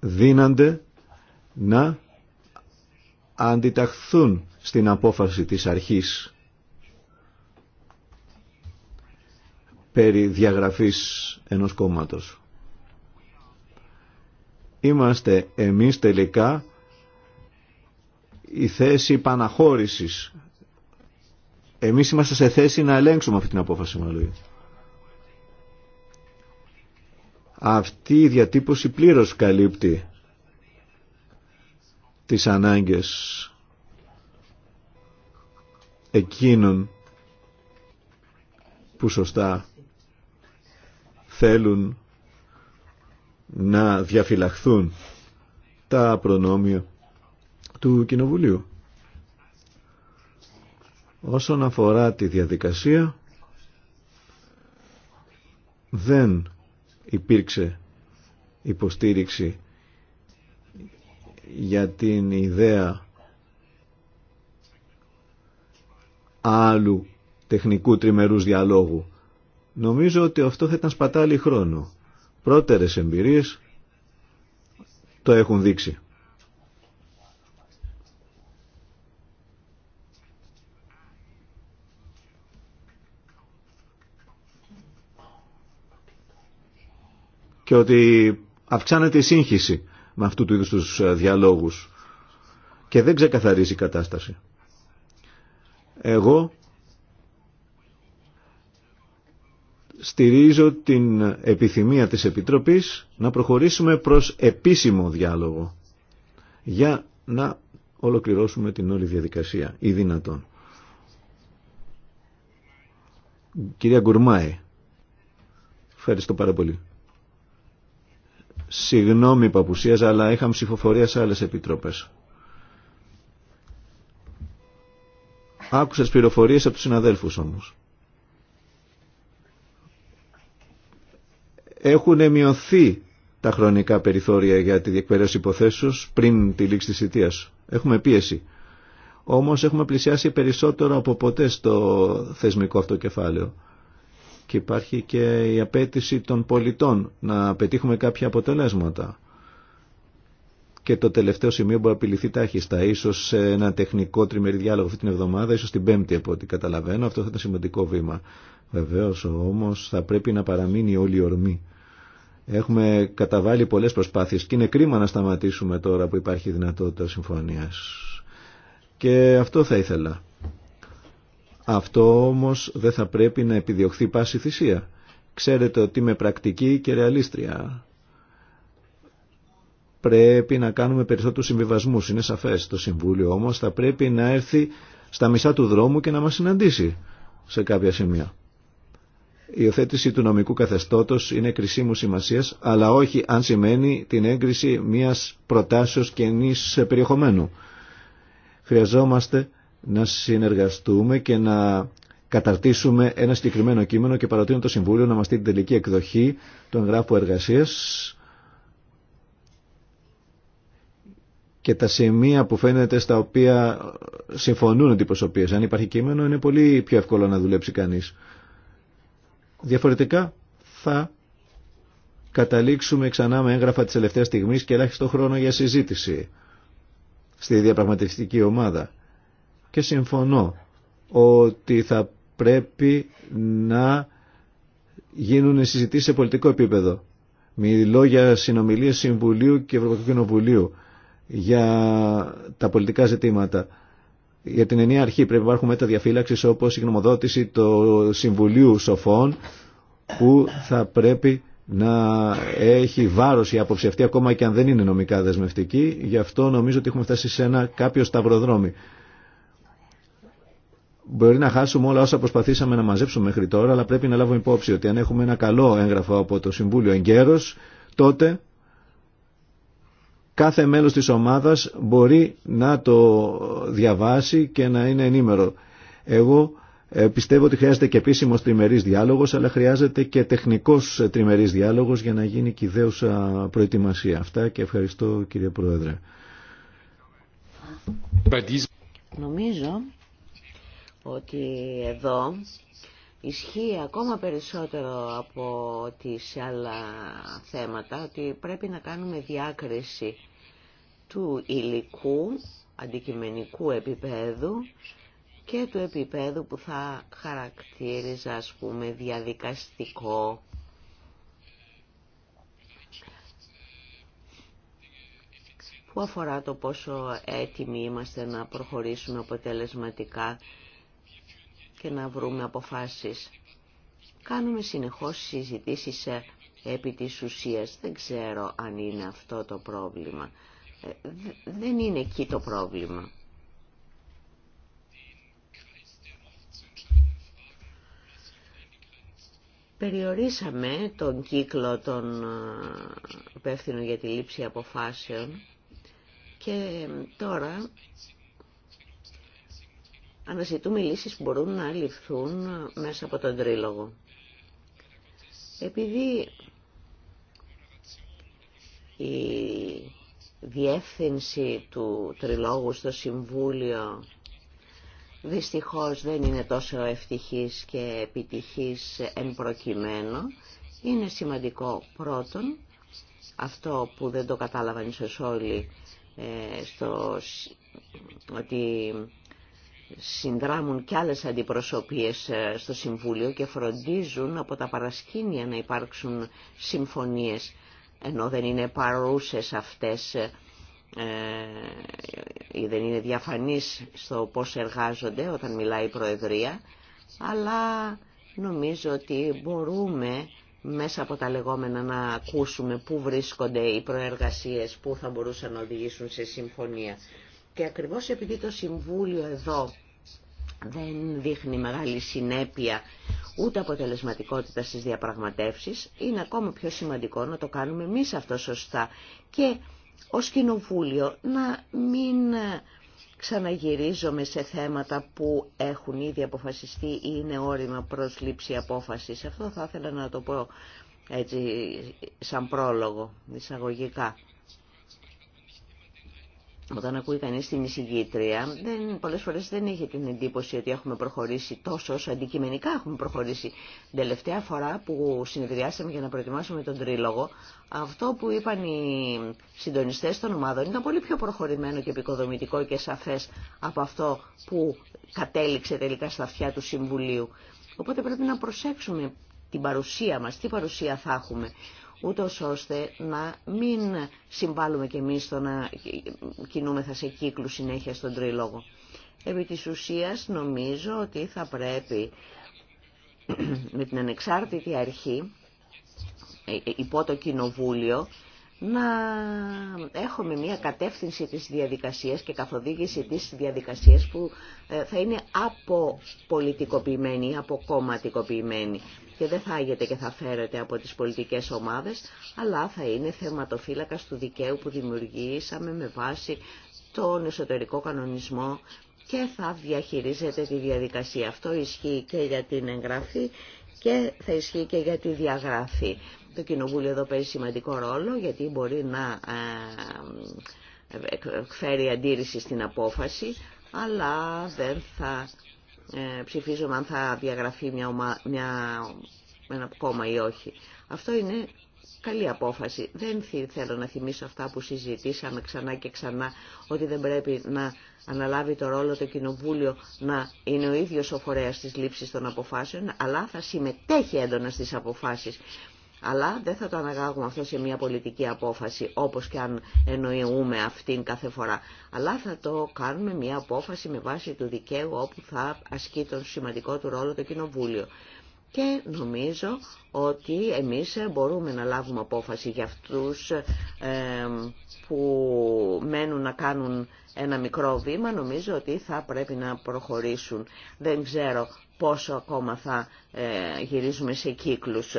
δίνανται να αντιταχθούν στην απόφαση της αρχής περί διαγραφής ενός κόμματος. Είμαστε εμείς τελικά η θέση παναχώρησης. Εμείς είμαστε σε θέση να ελέγξουμε αυτή την απόφαση μάλλον. Αυτή η διατύπωση πλήρως καλύπτει τις ανάγκες εκείνων που σωστά θέλουν να διαφυλαχθούν τα προνόμια του Κοινοβουλίου. Όσον αφορά τη διαδικασία, δεν υπήρξε υποστήριξη για την ιδέα άλλου τεχνικού τριμερούς διαλόγου. Νομίζω ότι αυτό θα ήταν σπατάλι χρόνο. Πρώτερες εμπειρίες το έχουν δείξει. Και ότι αυξάνεται η σύγχυση με αυτού του είδους τους ε, διαλόγους και δεν ξεκαθαρίζει η κατάσταση. Εγώ στηρίζω την επιθυμία της Επιτροπής να προχωρήσουμε προς επίσημο διάλογο για να ολοκληρώσουμε την όλη διαδικασία ή δυνατόν. Κυρία Γκουρμάη, ευχαριστώ πάρα πολύ. Συγγνώμη παπουσίας αλλά είχαμε ψηφοφορία σε άλλες επιτροπές. Άκουσα τις πληροφορίες από τους συναδέλφους όμως. Έχουν μειωθεί τα χρονικά περιθώρια για τη διεκπαιρέωση υποθέσεως πριν τη λήξη της θητείας. Έχουμε πίεση. Όμως έχουμε πλησιάσει περισσότερο από ποτέ στο θεσμικό αυτό κεφάλαιο και υπάρχει και η απέτηση των πολιτών να πετύχουμε κάποια αποτελέσματα. Και το τελευταίο σημείο που απειληθεί τάχιστα, ίσω σε ένα τεχνικό τριμερή διάλογο αυτή την εβδομάδα, ίσω την Πέμπτη από ό,τι καταλαβαίνω, αυτό θα ήταν σημαντικό βήμα. Βεβαίω όμω θα πρέπει να παραμείνει όλη η ορμή. Έχουμε καταβάλει πολλέ προσπάθειε και είναι κρίμα να σταματήσουμε τώρα που υπάρχει δυνατότητα συμφωνία. Και αυτό θα ήθελα. Αυτό όμως δεν θα πρέπει να επιδιωχθεί πάση θυσία. Ξέρετε ότι είμαι πρακτική και ρεαλίστρια. Πρέπει να κάνουμε περισσότερους συμβιβασμούς, είναι σαφές. Το Συμβούλιο όμως θα πρέπει να έρθει στα μισά του δρόμου και να μας συναντήσει σε κάποια σημεία. Η υιοθέτηση του νομικού καθεστώτος είναι κρισίμου σημασίας, αλλά όχι αν σημαίνει την έγκριση μιας προτάσεως καινής περιεχομένου. Χρειαζόμαστε να συνεργαστούμε και να καταρτήσουμε ένα συγκεκριμένο κείμενο και παρατείνω το Συμβούλιο να μας δει την τελική εκδοχή του εγγράφου εργασίας και τα σημεία που φαίνεται στα οποία συμφωνούν αντιπροσωπείες. Αν υπάρχει κείμενο είναι πολύ πιο εύκολο να δουλέψει κανείς. Διαφορετικά θα καταλήξουμε ξανά με έγγραφα της τελευταίας στιγμής και ελάχιστο χρόνο για συζήτηση στη διαπραγματευτική ομάδα και συμφωνώ ότι θα πρέπει να γίνουν συζητήσεις σε πολιτικό επίπεδο. Μιλώ για συνομιλίες Συμβουλίου και Ευρωπαϊκού Κοινοβουλίου για τα πολιτικά ζητήματα. Για την ενιαία αρχή πρέπει να υπάρχουν μέτρα διαφύλαξης όπως η γνωμοδότηση του Συμβουλίου Σοφών που θα πρέπει να έχει βάρος η άποψη αυτή ακόμα και αν δεν είναι νομικά δεσμευτική. Γι' αυτό νομίζω ότι έχουμε φτάσει σε ένα κάποιο σταυροδρόμι. Μπορεί να χάσουμε όλα όσα προσπαθήσαμε να μαζέψουμε μέχρι τώρα, αλλά πρέπει να λάβουμε υπόψη ότι αν έχουμε ένα καλό έγγραφο από το Συμβούλιο Εγκαίρος, τότε κάθε μέλος της ομάδας μπορεί να το διαβάσει και να είναι ενήμερο. Εγώ ε, πιστεύω ότι χρειάζεται και επίσημο τριμερής διάλογος, αλλά χρειάζεται και τεχνικός ε, τριμερής διάλογος για να γίνει κυδαίουσα προετοιμασία. Αυτά και ευχαριστώ κύριε Πρόεδρε. Νομίζω ότι εδώ ισχύει ακόμα περισσότερο από ότι σε άλλα θέματα ότι πρέπει να κάνουμε διάκριση του υλικού αντικειμενικού επίπεδου και του επίπεδου που θα χαρακτήριζα ας πούμε διαδικαστικό που αφορά το πόσο έτοιμοι είμαστε να προχωρήσουμε αποτελεσματικά και να βρούμε αποφάσεις. Κάνουμε συνεχώς συζητήσεις ε, επί της ουσίας. Δεν ξέρω αν είναι αυτό το πρόβλημα. Ε, δεν είναι εκεί το πρόβλημα. Περιορίσαμε τον κύκλο των ε, υπεύθυνων για τη λήψη αποφάσεων και τώρα αναζητούμε λύσεις που μπορούν να ληφθούν μέσα από τον τρίλογο. Επειδή η διεύθυνση του τριλόγου στο Συμβούλιο δυστυχώς δεν είναι τόσο ευτυχής και επιτυχής εν προκειμένου, είναι σημαντικό πρώτον αυτό που δεν το κατάλαβαν ίσως όλοι ε, στο, ότι Συνδράμουν κι άλλες αντιπροσωπείες ε, στο Συμβούλιο και φροντίζουν από τα παρασκήνια να υπάρξουν συμφωνίες, ενώ δεν είναι παρούσες αυτές ε, ε, ή δεν είναι διαφανείς στο πώς εργάζονται όταν μιλάει η Προεδρία, αλλά νομίζω ότι μπορούμε μέσα από τα λεγόμενα να ακούσουμε πού βρίσκονται οι προεργασίες που θα μπορούσαν να οδηγήσουν σε συμφωνία. Και ακριβώς επειδή το Συμβούλιο εδώ δεν δείχνει μεγάλη συνέπεια ούτε αποτελεσματικότητα στις διαπραγματεύσεις, είναι ακόμα πιο σημαντικό να το κάνουμε εμείς αυτό σωστά και ως Κοινοβούλιο να μην ξαναγυρίζομαι σε θέματα που έχουν ήδη αποφασιστεί ή είναι όριμα προς λήψη απόφασης. Αυτό θα ήθελα να το πω έτσι σαν πρόλογο, εισαγωγικά. Όταν ακούει κανεί την εισηγήτρια, Πολλέ φορέ δεν είχε την εντύπωση ότι έχουμε προχωρήσει τόσο όσο αντικειμενικά έχουμε προχωρήσει. Την τελευταία φορά που συνεδριάσαμε για να προετοιμάσουμε τον τρίλογο, αυτό που είπαν οι συντονιστέ των ομάδων ήταν πολύ πιο προχωρημένο και επικοδομητικό και σαφέ από αυτό που κατέληξε τελικά στα αυτιά του Συμβουλίου. Οπότε πρέπει να προσέξουμε την παρουσία μας, τι παρουσία θα έχουμε ούτως ώστε να μην συμβάλλουμε και εμείς στο να κινούμεθα σε κύκλους συνέχεια στον τριλόγο. Επί της ουσίας νομίζω ότι θα πρέπει με την ανεξάρτητη αρχή ε, ε, υπό το κοινοβούλιο να έχουμε μια κατεύθυνση της διαδικασίας και καθοδήγηση της διαδικασίας που ε, θα είναι από αποπολιτικοποιημένη, αποκομματικοποιημένη και δεν θα έγινε και θα φέρεται από τις πολιτικές ομάδες, αλλά θα είναι θεματοφύλακας του δικαίου που δημιουργήσαμε με βάση τον εσωτερικό κανονισμό και θα διαχειρίζεται τη διαδικασία. Αυτό ισχύει και για την εγγραφή και θα ισχύει και για τη διαγραφή. Το Κοινοβούλιο εδώ παίζει σημαντικό ρόλο γιατί μπορεί να ε, ε, εκφέρει αντίρρηση στην απόφαση, αλλά δεν θα ε, ψηφίζουμε αν θα διαγραφεί μια, ομα... μια... ένα κόμμα ή όχι. Αυτό είναι καλή απόφαση. Δεν θέλω να θυμίσω αυτά που συζητήσαμε ξανά και ξανά, ότι δεν πρέπει να αναλάβει το ρόλο το Κοινοβούλιο να είναι ο ίδιος ο φορέας της λήψης των αποφάσεων, αλλά θα συμμετέχει έντονα στις αποφάσεις. Αλλά δεν θα το αναγάγουμε αυτό σε μια πολιτική απόφαση, όπως και αν εννοούμε αυτήν κάθε φορά. Αλλά θα το κάνουμε μια απόφαση με βάση του δικαίου, όπου θα ασκεί τον σημαντικό του ρόλο το Κοινοβούλιο. Και νομίζω ότι εμείς μπορούμε να λάβουμε απόφαση για αυτούς ε, που μένουν να κάνουν ένα μικρό βήμα. Νομίζω ότι θα πρέπει να προχωρήσουν. Δεν ξέρω πόσο ακόμα θα ε, γυρίζουμε σε κύκλους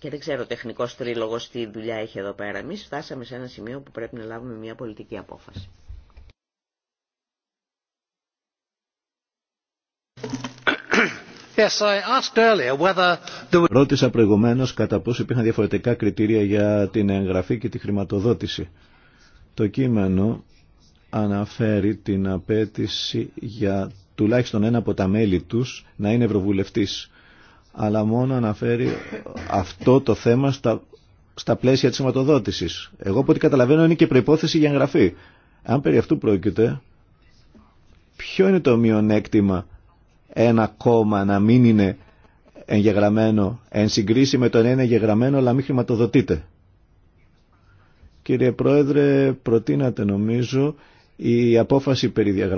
και δεν ξέρω τεχνικός τρίλογο τι δουλειά έχει εδώ πέρα. Εμεί φτάσαμε σε ένα σημείο που πρέπει να λάβουμε μια πολιτική απόφαση. Ρώτησα προηγουμένω κατά πόσο υπήρχαν διαφορετικά κριτήρια για την εγγραφή και τη χρηματοδότηση. Το κείμενο αναφέρει την απέτηση για τουλάχιστον ένα από τα μέλη τους να είναι ευρωβουλευτής αλλά μόνο αναφέρει αυτό το θέμα στα, στα πλαίσια της σηματοδότησης. Εγώ από ό,τι καταλαβαίνω είναι και προϋπόθεση για εγγραφή. Αν περί αυτού πρόκειται, ποιο είναι το μειονέκτημα ένα κόμμα να μην είναι εγγεγραμμένο εν συγκρίση με να είναι εγγεγραμμένο αλλά μην χρηματοδοτείται. Κύριε Πρόεδρε, προτείνατε νομίζω η απόφαση περί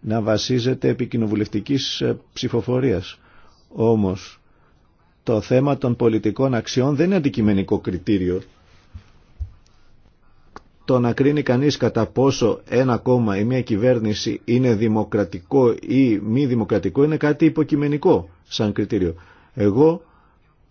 να βασίζεται επί κοινοβουλευτικής ε, ψηφοφορίας. Όμως το θέμα των πολιτικών αξιών δεν είναι αντικειμενικό κριτήριο. Το να κρίνει κανείς κατά πόσο ένα κόμμα ή μια κυβέρνηση είναι δημοκρατικό ή μη δημοκρατικό είναι κάτι υποκειμενικό σαν κριτήριο. Εγώ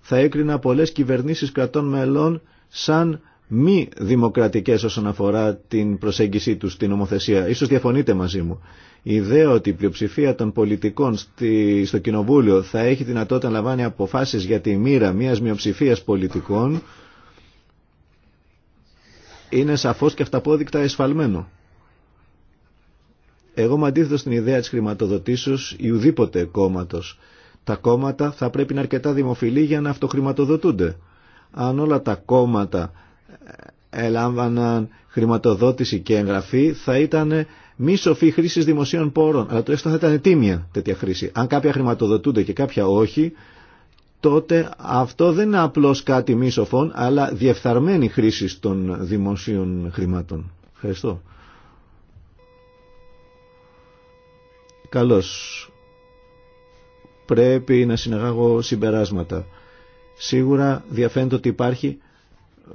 θα έκρινα πολλές κυβερνήσεις κρατών μελών σαν μη δημοκρατικές όσον αφορά την προσέγγιση τους στην νομοθεσία. Ίσως διαφωνείτε μαζί μου. Η ιδέα ότι η πλειοψηφία των πολιτικών στη, στο Κοινοβούλιο θα έχει δυνατότητα να λαμβάνει αποφάσεις για τη μοίρα μιας μειοψηφίας πολιτικών είναι σαφώς και αυταπόδεικτα εσφαλμένο. Εγώ είμαι αντίθετο στην ιδέα της χρηματοδοτήσεως ή ουδήποτε κόμματος. Τα κόμματα θα πρέπει να είναι αρκετά δημοφιλή για να αυτοχρηματοδοτούνται. Αν όλα τα κόμματα ελάμβαναν χρηματοδότηση και εγγραφή θα ήταν μη σοφή χρήση δημοσίων πόρων, αλλά το έστω θα ήταν τίμια τέτοια χρήση. Αν κάποια χρηματοδοτούνται και κάποια όχι, τότε αυτό δεν είναι απλώς κάτι μη σοφόν αλλά διεφθαρμένη χρήση των δημοσίων χρημάτων. Ευχαριστώ. Καλώς. Πρέπει να συνεργάγω συμπεράσματα. Σίγουρα διαφαίνεται ότι υπάρχει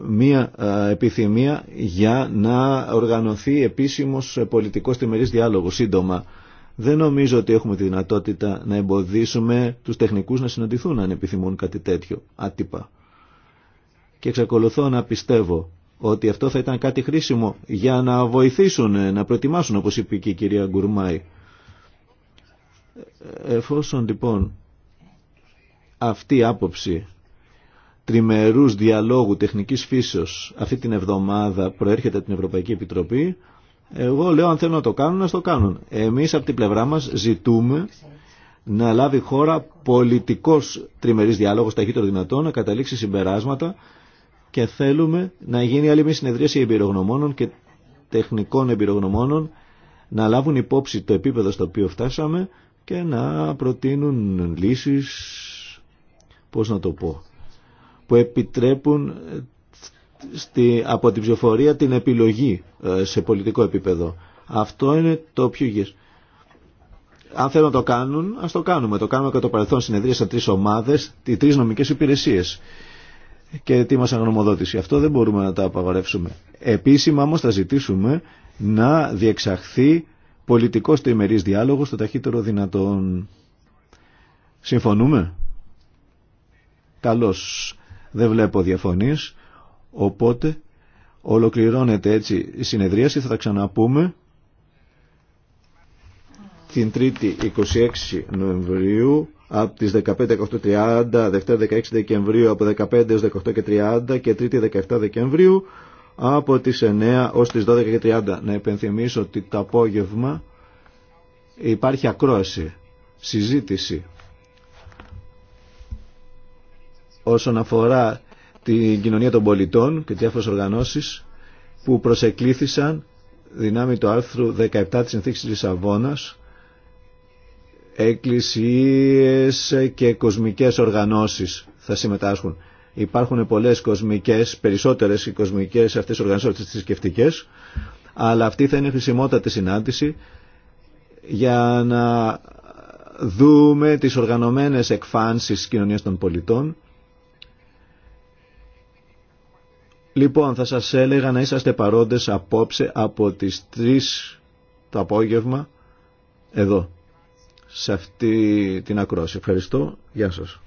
μία επιθυμία για να οργανωθεί επίσημος πολιτικός τριμερής διάλογος σύντομα. Δεν νομίζω ότι έχουμε τη δυνατότητα να εμποδίσουμε τους τεχνικούς να συναντηθούν αν επιθυμούν κάτι τέτοιο άτυπα. Και εξακολουθώ να πιστεύω ότι αυτό θα ήταν κάτι χρήσιμο για να βοηθήσουν, να προετοιμάσουν όπως είπε και η κυρία Γκουρμάη. Ε, ε, εφόσον λοιπόν αυτή η άποψη τριμερούς διαλόγου τεχνικής φύσεως αυτή την εβδομάδα προέρχεται την Ευρωπαϊκή Επιτροπή, εγώ λέω αν θέλουν να το κάνουν, να το κάνουν. Εμείς από την πλευρά μας ζητούμε να λάβει χώρα πολιτικός τριμερής διάλογος ταχύτερο δυνατόν, να καταλήξει συμπεράσματα και θέλουμε να γίνει άλλη μια συνεδρίαση εμπειρογνωμόνων και τεχνικών εμπειρογνωμόνων να λάβουν υπόψη το επίπεδο στο οποίο φτάσαμε και να προτείνουν λύσεις, πώς να το πω, που επιτρέπουν ε, στη, από την ψηφοφορία την επιλογή ε, σε πολιτικό επίπεδο. Αυτό είναι το πιο υγιές. Αν θέλουν να το κάνουν, ας το κάνουμε. Το κάνουμε κατά το παρελθόν συνεδρία σε τρεις ομάδες, οι τρεις νομικές υπηρεσίες και τι μας Αυτό δεν μπορούμε να τα απαγορεύσουμε. Επίσημα όμως θα ζητήσουμε να διεξαχθεί πολιτικός τριμερής διάλογος το ταχύτερο δυνατόν. Συμφωνούμε. Καλώς. Δεν βλέπω διαφωνείς, οπότε ολοκληρώνεται έτσι η συνεδρίαση. Θα τα ξαναπούμε την 3η 26 Νοεμβρίου από τις 15-18.30, Δευτέρα 16 Δεκεμβρίου από 1530 έως 18.30 και 3η 17 Δεκεμβρίου από τις 9 ως τις 12.30. Να υπενθυμίσω ότι το απόγευμα υπάρχει ακρόαση, συζήτηση όσον αφορά την κοινωνία των πολιτών και διάφορες οργανώσεις που προσεκλήθησαν δυνάμει του άρθρου 17 της Συνθήκης Λισαβόνας εκκλησίες και κοσμικές οργανώσεις θα συμμετάσχουν. Υπάρχουν πολλές κοσμικές, περισσότερες οι κοσμικές αυτές οργανώσεις, αυτές θρησκευτικέ, αλλά αυτή θα είναι χρησιμότατη συνάντηση για να δούμε τις οργανωμένες εκφάνσεις κοινωνίας των πολιτών Λοιπόν, θα σας έλεγα να είσαστε παρόντες απόψε από τις 3 το απόγευμα εδώ, σε αυτή την ακρόαση. Ευχαριστώ. Γεια σας.